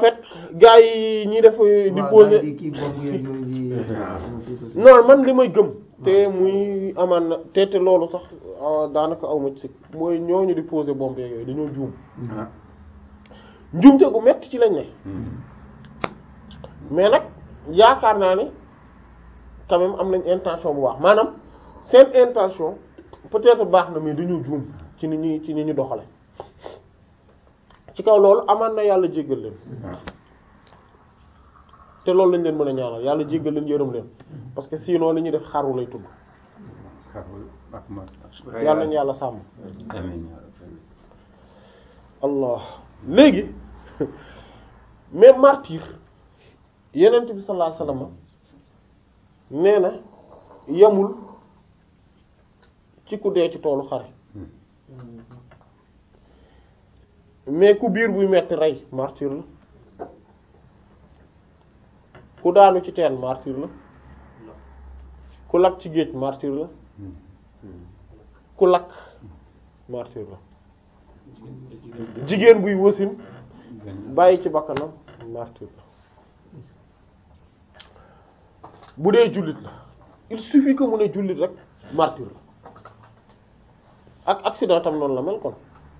fait gaa yi ñi def. di man li may gëm. te muy amaan na te te loolu sax ah, daanaka aw ma ci mooy ñooñu di poser bombe yooyu dañoo juum. Ah. njumte gu metti ci lañ ne. Hmm. mais nag yaakaar naa ne. quand même am nañ intention bu waax maanaam seen intention peut-être baax na mais dañu juum ci ni ñuy ci ni ñu doxale ci kaw loolu amaan na yàlla jéggal leen te loolu lañ leen mën a ñaanal yàlla jéggal leen yërëm leen parce que sinon li ñuy def xaru lay tudd yàlla nañ yàlla sàmm allah léegi mais martyr yenent bi sallallahu alayhi nee na yamul ci ku dee ci toolu xare mais ku biir buy metti rey martyr la ku daanu ci teen martyr la ku lakk ci géej martyr la ku lakk martyr la jigéen buy wasin bàyyi ci bakkanam martyr bu dee jullit la il suffit que mu ne jullit rek martyr la ak accident tam noonu la mel kon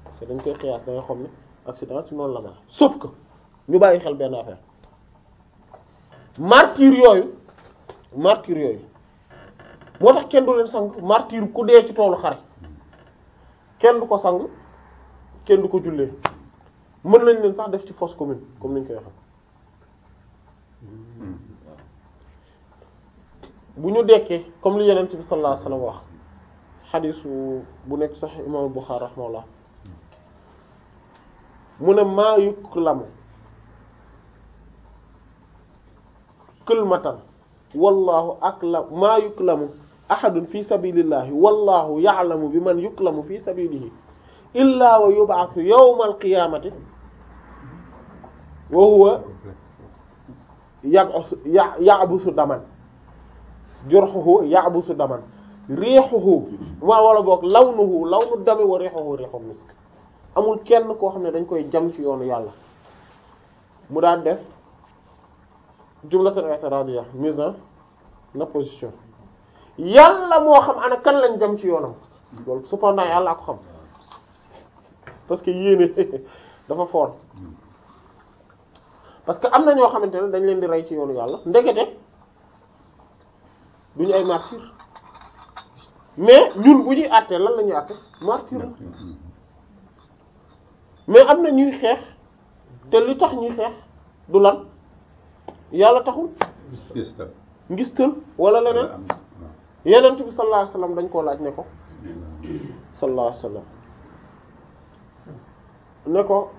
parce que dañ koy xëyaat da nga ne accident ci noonu la mel sauf que ñu bàyyi xel benn affaire martyr yooyu martyr yooyu moo tax kenn du leen sang martyr ku dee ci toolu xare kenn du ko sang kenn du ko jullee mën nañ leen sax def ci fosse commune comme ni ñu koy waxee hmm. bu ñu dekkee comme li yenent bi sallallahu alayhi wasallam wax xadiisu bu nekk Sahih imam Bukhari rahimahullah mu ne maa yuklamu kulmatan wallahu aklam maa yuklamu ahadun fi sabilillahi wallahu ya'lamu bi man yuklamu fi sabilihi illa wa yub'athu yawma alqiyamati wa huwa ya'busu daman jorxuhu ya'busu daman rihuhu waa wala boog lawnuhu lawnu dami wa rihuhu rihu misk amul kenn koo xam ne dañ koy jam ci yoonu yàlla mu daan def jumlatul i'tiradiyya na na opposition yàlla moo xam ana kan lañ jam ci yoonam loolu cependant yàlla ko xam parce que yéene dafa fort hmm. parce que am na ñoo xamante ne dañ leen di rey ci yoonu yàlla ndekete duñu ay martyr mais ñun bu ñuy àttee lan la ñuy àtte martyr mais am na ñuy xeex te lu tax ñuy xeex du lan yàlla taxul ngistal wala leneen yeneen bi sallallahu alayhi dañ koo laaj ne ko sallallahu alayhi wasallam ne ko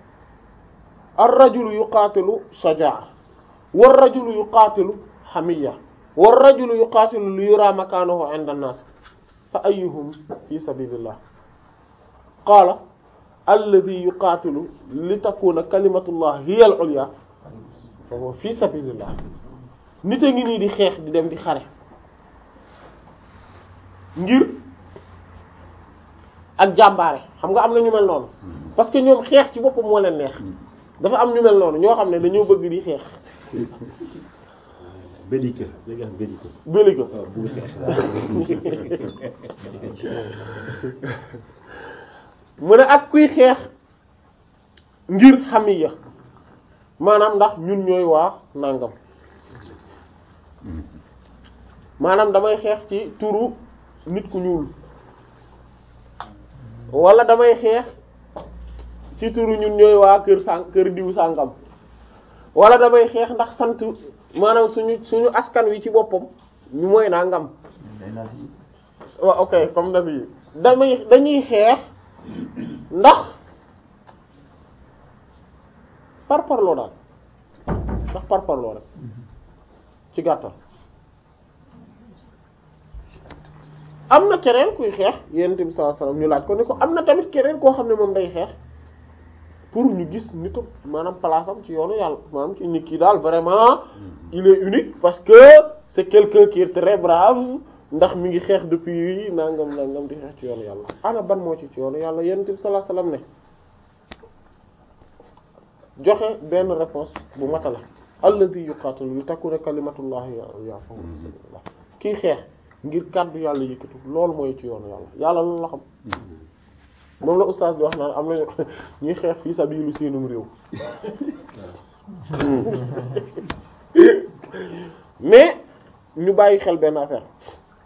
ar rajulu yuqaatilu shajaa war yu yuqaatilu hamiya war rajulu yuqaatilu li yura makaanahu inda an fa ayyuhum fi sabilillah qaala alladhi yuqaatilu li takuna kalimatullah hiya al fi sabilillah nit a ngi nii di xeex di dem di xare ngir ak jàmbaare xam nga am na ñu mel noonu mm-hmm. parce que ñoom xeex ci boppam moo leen neex mm-hmm. dafa am ñu mel noonu ñoo xam ne dañoo bëgg di xeex Belika da ngay wax mu ne ak kuy xeex ngir xamiya maanaam ndax ñun ñooy waa nangam maanaam damay xeex ci turu nit ku ñuul wala damay xeex ci turu ñun ñooy waa kër sàn kër diw sàngam wala damay xeex ndax sant maanaam suñu suñu askan wi ci boppam ñu mooy nangam. waaw ok comme nas yi damay dañuy xeex ndax par parloo daal ndax par parloo rek ci gàttal. am na keneen kuy xeex yonent bi sallallahu ñu laaj ko ni ko am na tamit keneen koo xam ne moom day xeex. pour ñu gis nitu maanaam place am ci yoonu yàlla maanaam ci nit kii daal vraiment hmm. il unique parce que c'est quelqu'un qui est très brave ndax mi ngi xeex depuis nangam nangam di xeex ci yoonu yàlla ana ban moo ci ci yoonu yàlla yonent bi sallallahu alayhi ne joxe benn réponse bu matala alladhi yuqatilu li takuna kalimatullahi ya fa hmm. sabilillah kii xeex ngir kàddu yàlla yëkkatu loolu mooy ci yoonu yàlla yàlla loolu la xam hmm. moom la ustaas bi wax naan am na ñuy xeex fii sabilu seenum réew mais ñu bàyyi xel benn affaire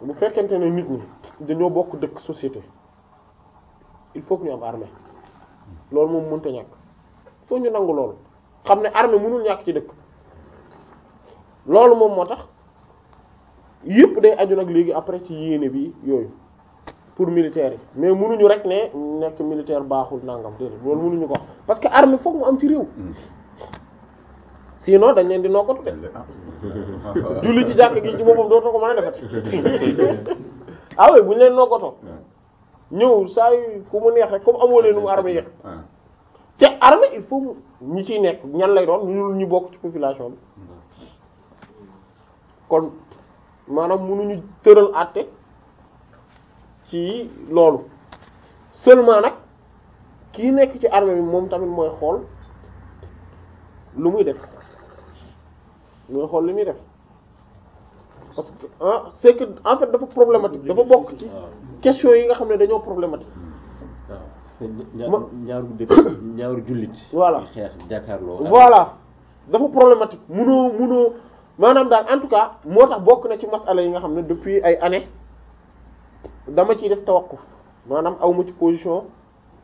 bu fekkente ne nit ñi dañoo bokk dëkk société il faut que ñu am armée loolu moom mënta ñàkk foo ñu nangu loolu xam ne armée mënul ñàkk ci dëkk loolu moom moo tax yépp day aju nag léegi après ci yéene bi yooyu pour militaires yi mais munuñu rek ne nekk militaire baaxul nangam déedéet loolu munuñu ko parce que armée foog mu am ci réew. sinon dañ leen di nokkatu de. julli ci jàkk gi ci boppam dootoo ko mën a defati. ah bu ñu leen nokkatoo. ñëw saa yu ku mu neex rek comme amoo leen mu armée yëpp. Ah. te armée il faut ñu ciy nekk ñan lay doon ñu ñu bokk ci population bi. Hmm. kon maanaam munuñu tëral àtte. ci loolu seulement nag kii nekk ci armée bi moom tamit mooy xool lu muy def mooy xool lu muy def parce que ah c'est que en fait dafa problématique dafa bokk ci question yi nga xam ne dañoo problématique waaw ñaaru dëkk ñaaru jullit voilà xeex jàkkaarloo voilà dafa problématique munoo munoo maanaam daal en tout cas moo tax bokk na ci masala yi nga xam ne depuis ay années dama ciy def tawakkuf maanaam aw ma ci position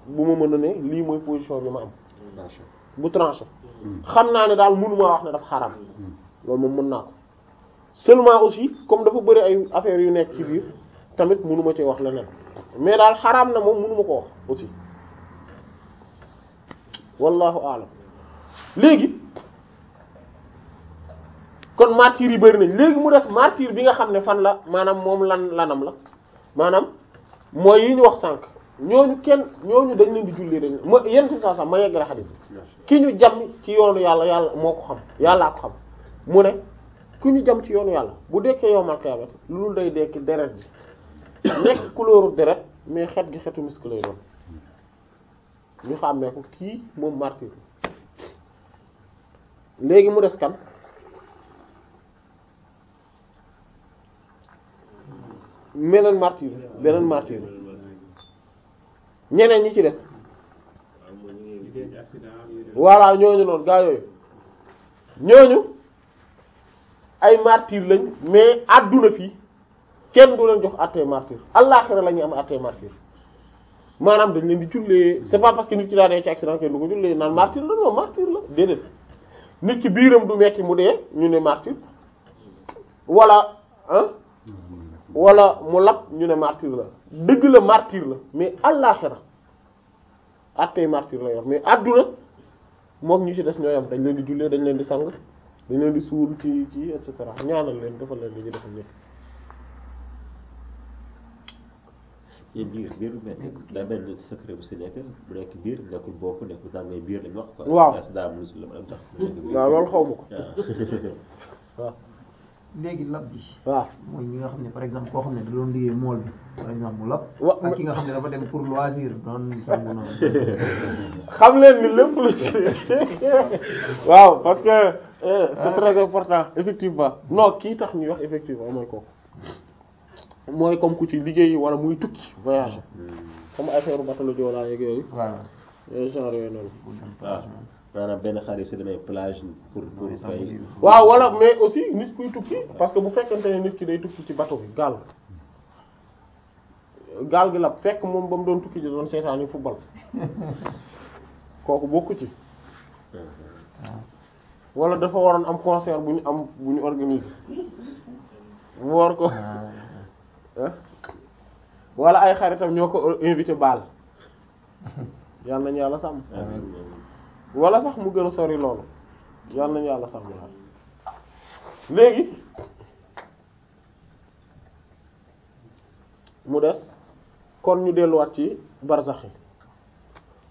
bu ma mën na ne lii mooy position bi ma am. bu tranché. Hmm. xam naa ne daal mënuma wax ne dafa xaram hmm. loolu moom mën naa ko seulement aussi comme dafa bëri ay affaires yu nekk ci biir tamit mënuma ci wax leneen mais daal xaraam na moom mënuma ko wax aussi wallahu alam léegi kon martyr yi bëri nañ léegi mu des martyr bi nga xam ne fan la maanaam moom lan lanam la maanaam mooy yi ñu wax sànq ñooñu kenn ñooñu dañ leen di julli dañ ma yent saa sax ma yegg la xadis bi ki ñu jam ci yoonu yàlla yàlla moo ko xam yàllaa ko xam mu ne ku ñu jam ci yoon yàlla bu dekkee yow lu loolu day dekki deret ji nekk couleur deret mais xet gi xetu misk lay doon ñu xàmmee ko kii moom martyr léegi mu des kan meneen martyr beneen martyr ñeneen ñi ci des voilà ñooñu noonu gaa yooyu ñooñu ay martyr lañ mais àdduna fii kenn du leen jox àttee martyr allaaxira la ñuy am àttee martyr maanaam dañ leen di jullee c'est pas parce que nit ki daa dee ci accident kenn du ko jullee naan martyr la non martyr la déedéet nit ki biiram du metti mu dee ñu ne martyr walla ah wala mu lab ñu ne martyr la dëgg la martyr la mais àllaaxira attey martyr la yor mais àdduna mook ñu ci des ñoo yam dañ leen di jullee dañ leen di sang dañ leen di suul ci ci et cetera ñaanal leen defal leen li ñu defal leen biir biir daa mel ni secret bu si nekk bu nekk biir nekkul bopp nekkul daal mais biir lañ wax quoi. waaw la mën a waaw loolu xaw ma ko waaw. léegi lab bi. waaw mooy ñi nga xam ne par exemple koo xam ne da doon liggéey mool bi par exemple mu lab. ak ki nga xam ne dafa dem pour loisir doon sangu noonu. xam leen ni lépp lu. waaw parce que. Eh, c'est ah. très important effectivement non kii tax ñuy wax effectivement mooy kooku mooy comme ku ci liggéey wala muy tukki voyage hmm. comme affaire bateau Joola yeeg yooyu. Eh, yooyu noonu. maanaam benn xar yi demee plage pour pour kay waaw wala mais aussi nit kuy tukki parce que bu fekkante ne nit ki day tukki ci bateau bi gaal gaal gi la fekk moom ba mu doon tukki ji doon seetaan yu football kooku bokku ci ah. wala dafa waroon am concert bu ñu am bu ñu organisé mu war ko ah, wala ay xaritam ñoo ko invité baal yàlla nañ yàlla sàmm wala sax mu gën a sori loolu yal nañu yàlla sàmm la léegi mu des kon ñu delluwaat ci barzax yi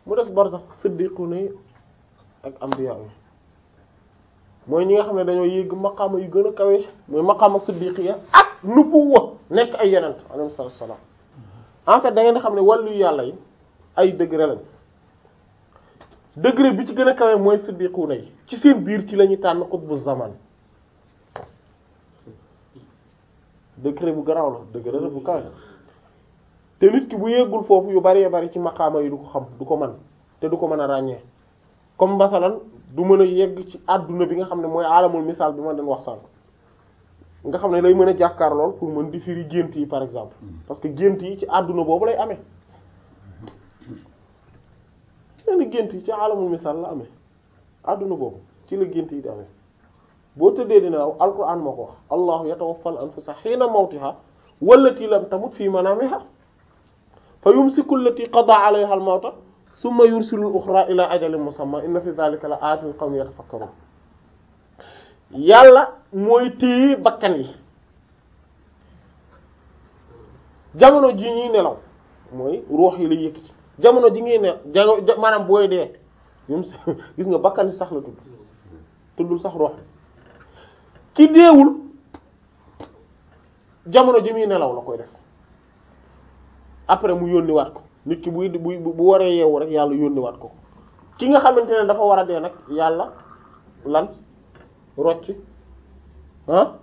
mu des barzax siddiquna yi ak anbiya yi mooy ñi nga xam ne dañoo yéeg maqaama yu gën a kawee mooy maqaama siddiqiya ak nubuwa nekk ay yenent alayhi salaam en fait da ngeen xam ne wàllu yàlla yi ay degré lañ degré bi ci gën a kawe mooy siddiquuna yi ci seen biir ci la ñuy tànn xutbu zaman degré bu garaaw la degré bu kawe te nit ki bu yeggul foofu yu baree bëri ci maqaama yi du ko xam du ko man te du ko mën a ràññee comme masalan du mën a yegg ci àdduna bi nga xam ne mooy alamul misaal bi ma doon wax sànq nga xam ne lay mën a jàkkaar lool pour mën di firi gént yi par exemple hmm. parce que gént yi ci àdduna boobu lay amee nee na gént yi ci alamul misaal la amee adduna boobu ci la gént yi di amee boo tëddee dina law alquran moo ko wax allahu yatawaffal anfusa hiina mawtiha wallati lam tamut fii manaamiha fa yumsiku allati qada alayha al mawta yursilu al ila ajalin musamma inna fi dhalika la aatin qawmin yatafakkarun yàlla mooy téye bakkan yi jamano ji ñuy nelaw mooy ruux yi la yëkkati jamono ji ngay ne ja maanaam booy dee ñun gis nga bakkan sax la tudd tuddul sax rox ki deewul jamono ji muy nelaw la koy def après mu yónni waat ko nit ki buy buy bu waree yeewu rek yàlla yónni waat ko ki nga xamante ne dafa war a dee nag yàlla lan rocc ah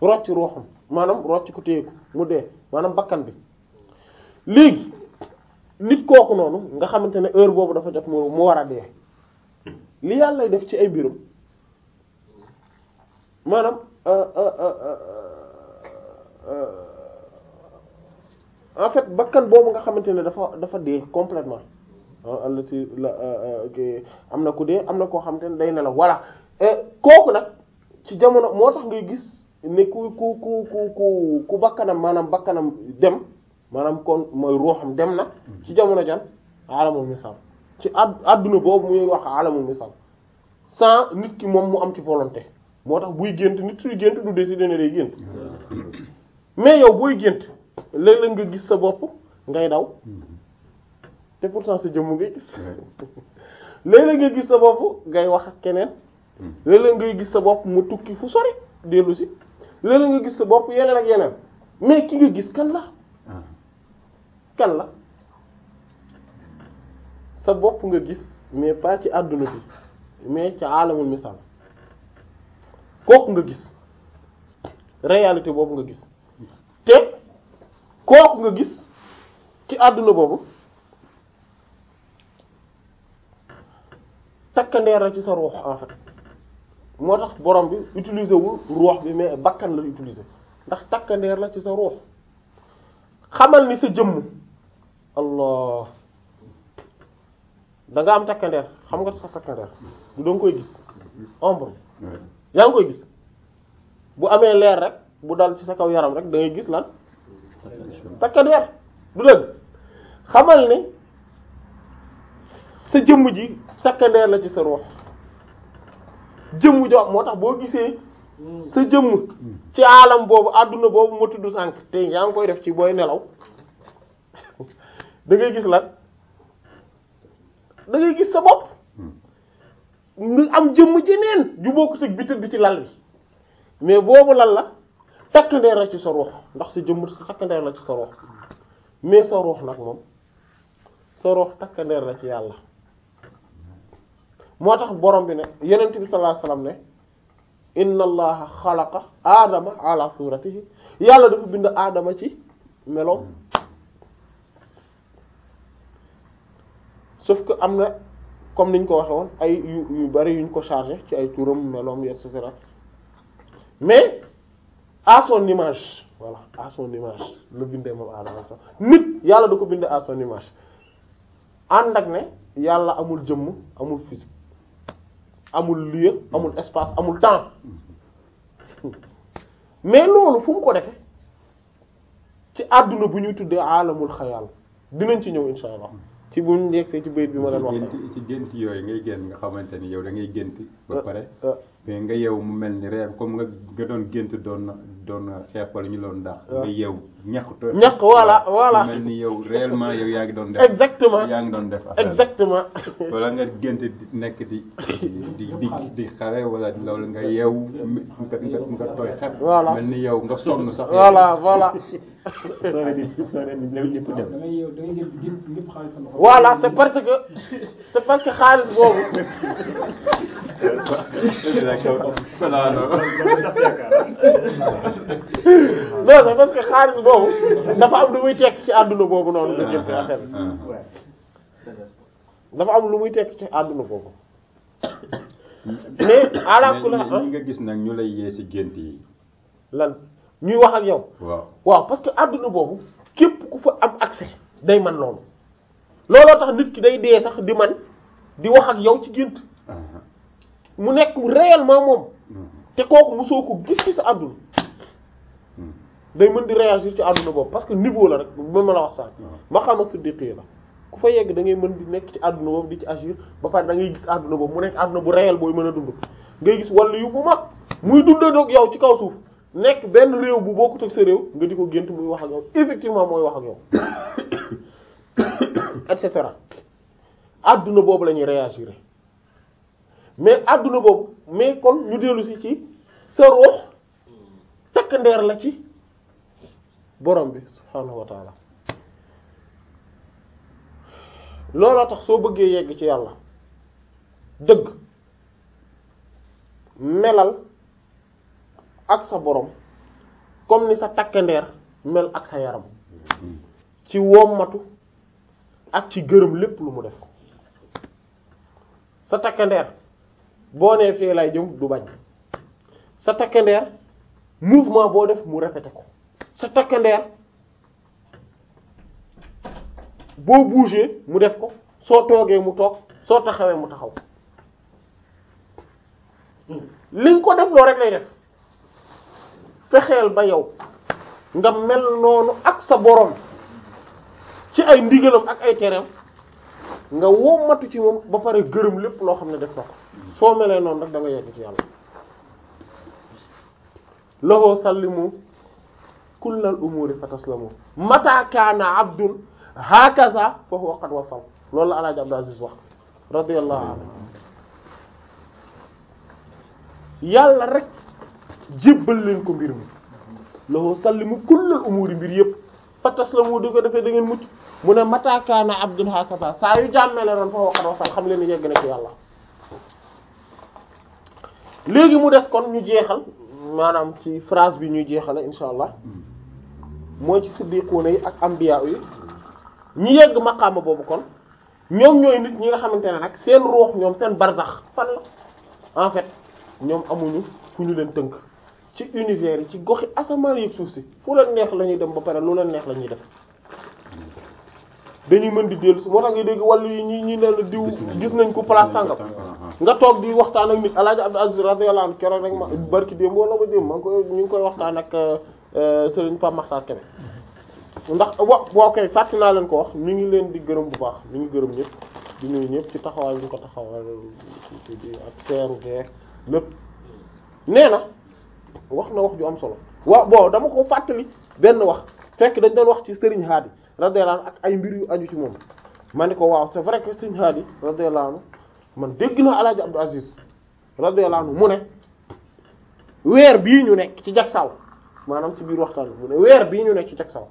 rocc ruuxam maanaam rocc ko téye ko mu dee maanaam bakkan bi léegi nit kooku noonu nga xamante ne heure boobu dafa jot mu mu war a dee li yàlla def ci ay mbirum maanaam euh, euh, euh, en fait bakkan boobu nga xamante ne dafa dafa dee complètement allati la am na ku dee am na koo xamante ne day ne la voilà kooku nag ci jamono moo tax ngay gis ne ku ku ku ku ku bakkanam maanaam bakkanam dem maanaam kon mooy ruuxam dem na ci jamono jan alamul misaal ci ad adduna boobu muy wax alamul misaal sans nit ki moom mu am ci volonté moo tax buy gént nit suy gént du de ne day gént mais yow booy gént léeg-léeg nga gis sa bopp ngay daw te pourtant sa jëmm ngay gis nga gis sa bopp ngay wax ak keneen léeg-léeg ngay gis sa bopp mu tukki fu sore dellu si léeg nga gis sa bopp yeneen ak yeneen mais ki nga gis kan la kel la sa bopp nga gis mais pas ci àdduna bi mais ci alamul misaal kooku nga gis réalité boobu nga gis te kooku nga gis ci àdduna boobu takkandeer la ci sa ruux en moo tax borom bi utiliser wul ruux bi mais bakkan la utiliser ndax takkandeer la ci sa ruux xamal ni sa jëmm allah danga am takkandeer xam nga sax takkandeer du danga koy gis yaa ngi koy gis bu amee leer rek bu dal ci sa kaw yaram rek da ngay gis lan takkandeer du dëgg xamal ne sa jëmm ji takkandeer la ci sa ruux jëmm jo moo tax boo gisee sa jëmm ci aalam boobu àdduna boobu ma tudd sànk te yaa ngi koy def ci booy nelaw da gis lan dangay gis sa bopp nga am jëmm jeneen ju bokkut ak bi tëdd ci lal bi mais boobu lal la takk la ci sa ruux ndax sa jëmm takk ndeer la ci sa ruux mais sa ruux nag moom sa ruux takk la ci yàlla moo tax borom bi ne yenent bi sallallahu alayhi wasallam ne inna allaha xalaqa aadama ala suratihi yàlla dafa bind aadama ci melo sauf que am na comme niñ ko waxe woon ay yu yu bari yuñ ko chargé ci ay turam meloom et cetera mais à son image voilà à son image la bindee moom Adama sax nit yàlla da ko bindee à son image ànd ak ne yàlla amul jëmm amul physique amul liir amul espace amul temps mais loolu fu mu ko defe ci àdduna bu ñuy tuddee alamul xayaal dinañ ci ñëw insha allah. ci bu ñu yegsee ci bayit bi ma leen wax. ci gént yooyu ngay gént nga xamante ni yow da ngay gént. ba euh, pare euh, mais nga yeewu mu mel ni reer comme nga nga doon gént doon doon xeex wala ñu doon dàq. nga yeewu ñàkk tooy. ñàkk mel ni yow réellement yow yaa ngi doon def. exactement yaa ngi doon def exactement. wala nga gént nekk di di di di loolu nga yeewu nga nga nga tooy xepp. voilà mel ni yow parce que c'est parce que xaalis boobu. d'accord voilà non non parce que xaalis boobu dafa am lu muy tekk ci àdduna boobu noonu nga jël ci affaire ah, ah, ah. dafa am lu muy tekk ci àdduna boobu hmm. mais alaakula ñi nga gis nag ñu lay yee ci gént yi lan ñuy wax ak yow waaw waaw parce que àdduna boobu képp ku fa am accès day man loolu looloo tax nit ki day dee sax di man di wax ak yow ci gént mu nekk réellement moom mm-hmm. te kooku mosoo ko gis ci sa àdduna mm-hmm. day mën di réagir ci àdduna boobu parce que niveau la rek ba ma la wax sànq ma xam ak siddiqi la ku fa yegg da ngay mën di nekk ci àdduna boobu di ci agir ba pare da gis àdduna boobu mu nekk àdduna bu réel booy mën a dund ngay gis wàllu yu bu mag muy dundandoog yow ci kaw suuf nekk benn réew bu bokkut ak sa réew nga di ko gént muy wax ak yow effectivement mooy wax ak yow et cetera àdduna boobu la ñuy réagir mais adduna boobu mais kon ñu dellusi ci sa ruux takk la ci borom bi subhaanahu wa looloo tax soo bëggee yegg ci yàlla dëgg melal ak sa borom comme ni sa takkandeer mel ak sa yaram ci wommatu ak ci gërëm lépp lu mu def sa takkandeer boo nee fee lay jëm du bañ sa takkandeer mouvement boo def mu rafete ko sa takkandeer boo bougé mu def ko soo toogee mu toog soo taxawee mu taxaw liñ ko def loo rek lay def fexeel ba yow nga mel noonu ak sa boroom ci ay ndigalam ak ay tereem nga woo wommatu ci moom ba pare gërëm lépp loo xam ne def na ko soo melee noonu rek da nga yegg ci yàlla loxoo sallimu kullal umuri fataslamu mata kaana abdun hakaza fa huwa qad wasal loolu la alaaji Abdou Aziz wax radiyallahu anhu yàlla rek jébbal leen ko mbir mi loxoo sallimu kullal umuri mbir yëpp fataslamu di ko defee da ngeen mucc mu ne mata kaana abdun hakaza saa yu jàmmele noonu fa huwa qad wasal xam leen yegg na ci yàlla léegi mu des kon ñu jeexal maanaam ci phrase bi ñuy jeexale insha allah mooy ci si siddiquuna yi ak ambiya yi ñi yegg maqaama boobu kon ñoom ñooy nit ñi nga xamante ne nag seen ruux ñoom seen barzax fan en fait ñoom amuñu fu ñu leen tënk ci univers yi ci goxi asamaan yi suuf si fu leen neex la ñuy dem ba pare lu leen neex la ñuy def dañuy mën di dellu si moo tax nga dégg wàllu yi ñi ñu ne la diw gis nañ ko place sàngam nga toog di waxtaan ak nit El Hadj Abdou Aziz radiyallahu anhu keroog rek ma barki démb wala ma démb maa ngi koy ñu ngi koy waxtaan ak euh, euh, Serigne Pape Makhtar ndax wa boo koy fàtte naa leen ko wax ñu ngi leen di gërëm bu baax ñu ngi gërëm ñëpp di nuyu ñëpp ci taxawaay bi ñu ko taxawal ak CRG nee na wax na wax ju am solo waaw bon dama ko fàttali benn wax fekk dañ doon wax ci Serigne Hadi radiyallahu anhu ak ay mbir yu aju ci moom ma ni ko waaw c'est vrai que Serigne Hadi radiyallahu man dégg naa alaaj Abdou Aziz radiyallahu mu ne weer bii ñu nekk ci jagsaaw maanaam ci biir waxtaan mu ne weer bii ñu nekk ci jagsaaw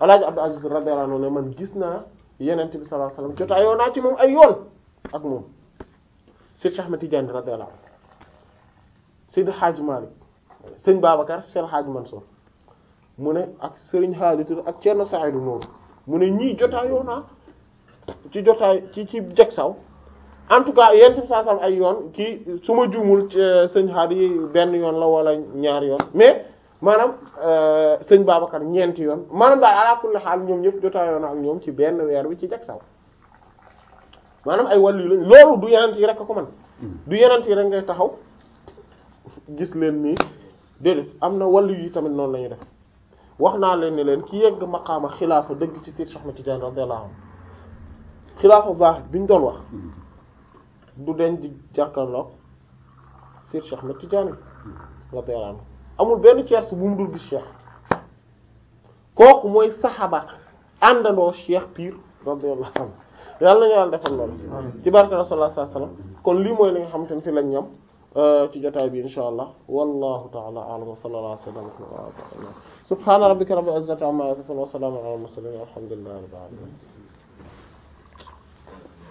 alaaji Abdou Aziz radiyallahu ne man gis naa yenent bi sallallahu alayhi wasallam jotaayoo naa ci moom ay yoon ak moom Cheikh Ahmed Tidiane radiyallahu anhu Seydi Hadj Malick Sëñ Babacar Cheikh Hadj Mansour mu ne ak sëriñ Halitou ak Thierno Saïdou Nour mu ne ñii jotaayoo naa ci jotaay ci ci jagsaaw en tout cas yent bi ay yoon kii su ma juumul euh, sëñ xaar yi benn yoon la wala ñaar yoon mais maanaam euh, sëñ Babacar ñeenti yoon maanaam daal ala ñoom ñëpp jotaayoo na ak ñoom ci benn weer wi ci jag saw maanaam ay wàllu lañ loolu du yenent yi rek ko man hmm. du yenent rek ngay taxaw gis leen nii déedéet am na wàllu yu tamit noonu la ñuy def wax naa leen ni leen ki yegg maqaama xilaafa dëgg ci Seex Ahmad Tijaan radiyallahu anhu xilaafa baax biñ doon wax hmm. du den di jàkkaarloog Seydi Cheikh Ahmed Tidiane radiyallahu anhu amul benn tierce bu mu dul gis cheikh kooku mooy saxaba àndandoo cheikh pire radiyallahu anhu yàlla nañu yàlla defal loolu ci barke rasulullah sallallahu alayhi wasallam kon lii mooy li nga xamante ne fi lañ ñam euh, ci jotaay bi insha allah wallahu ta'ala a'lam wa sallallahu alayhi wa sallam subhana rabbika rabbil izzati amma yasifun wa salamun ala al mursalin walhamdulillahi rabbil alamin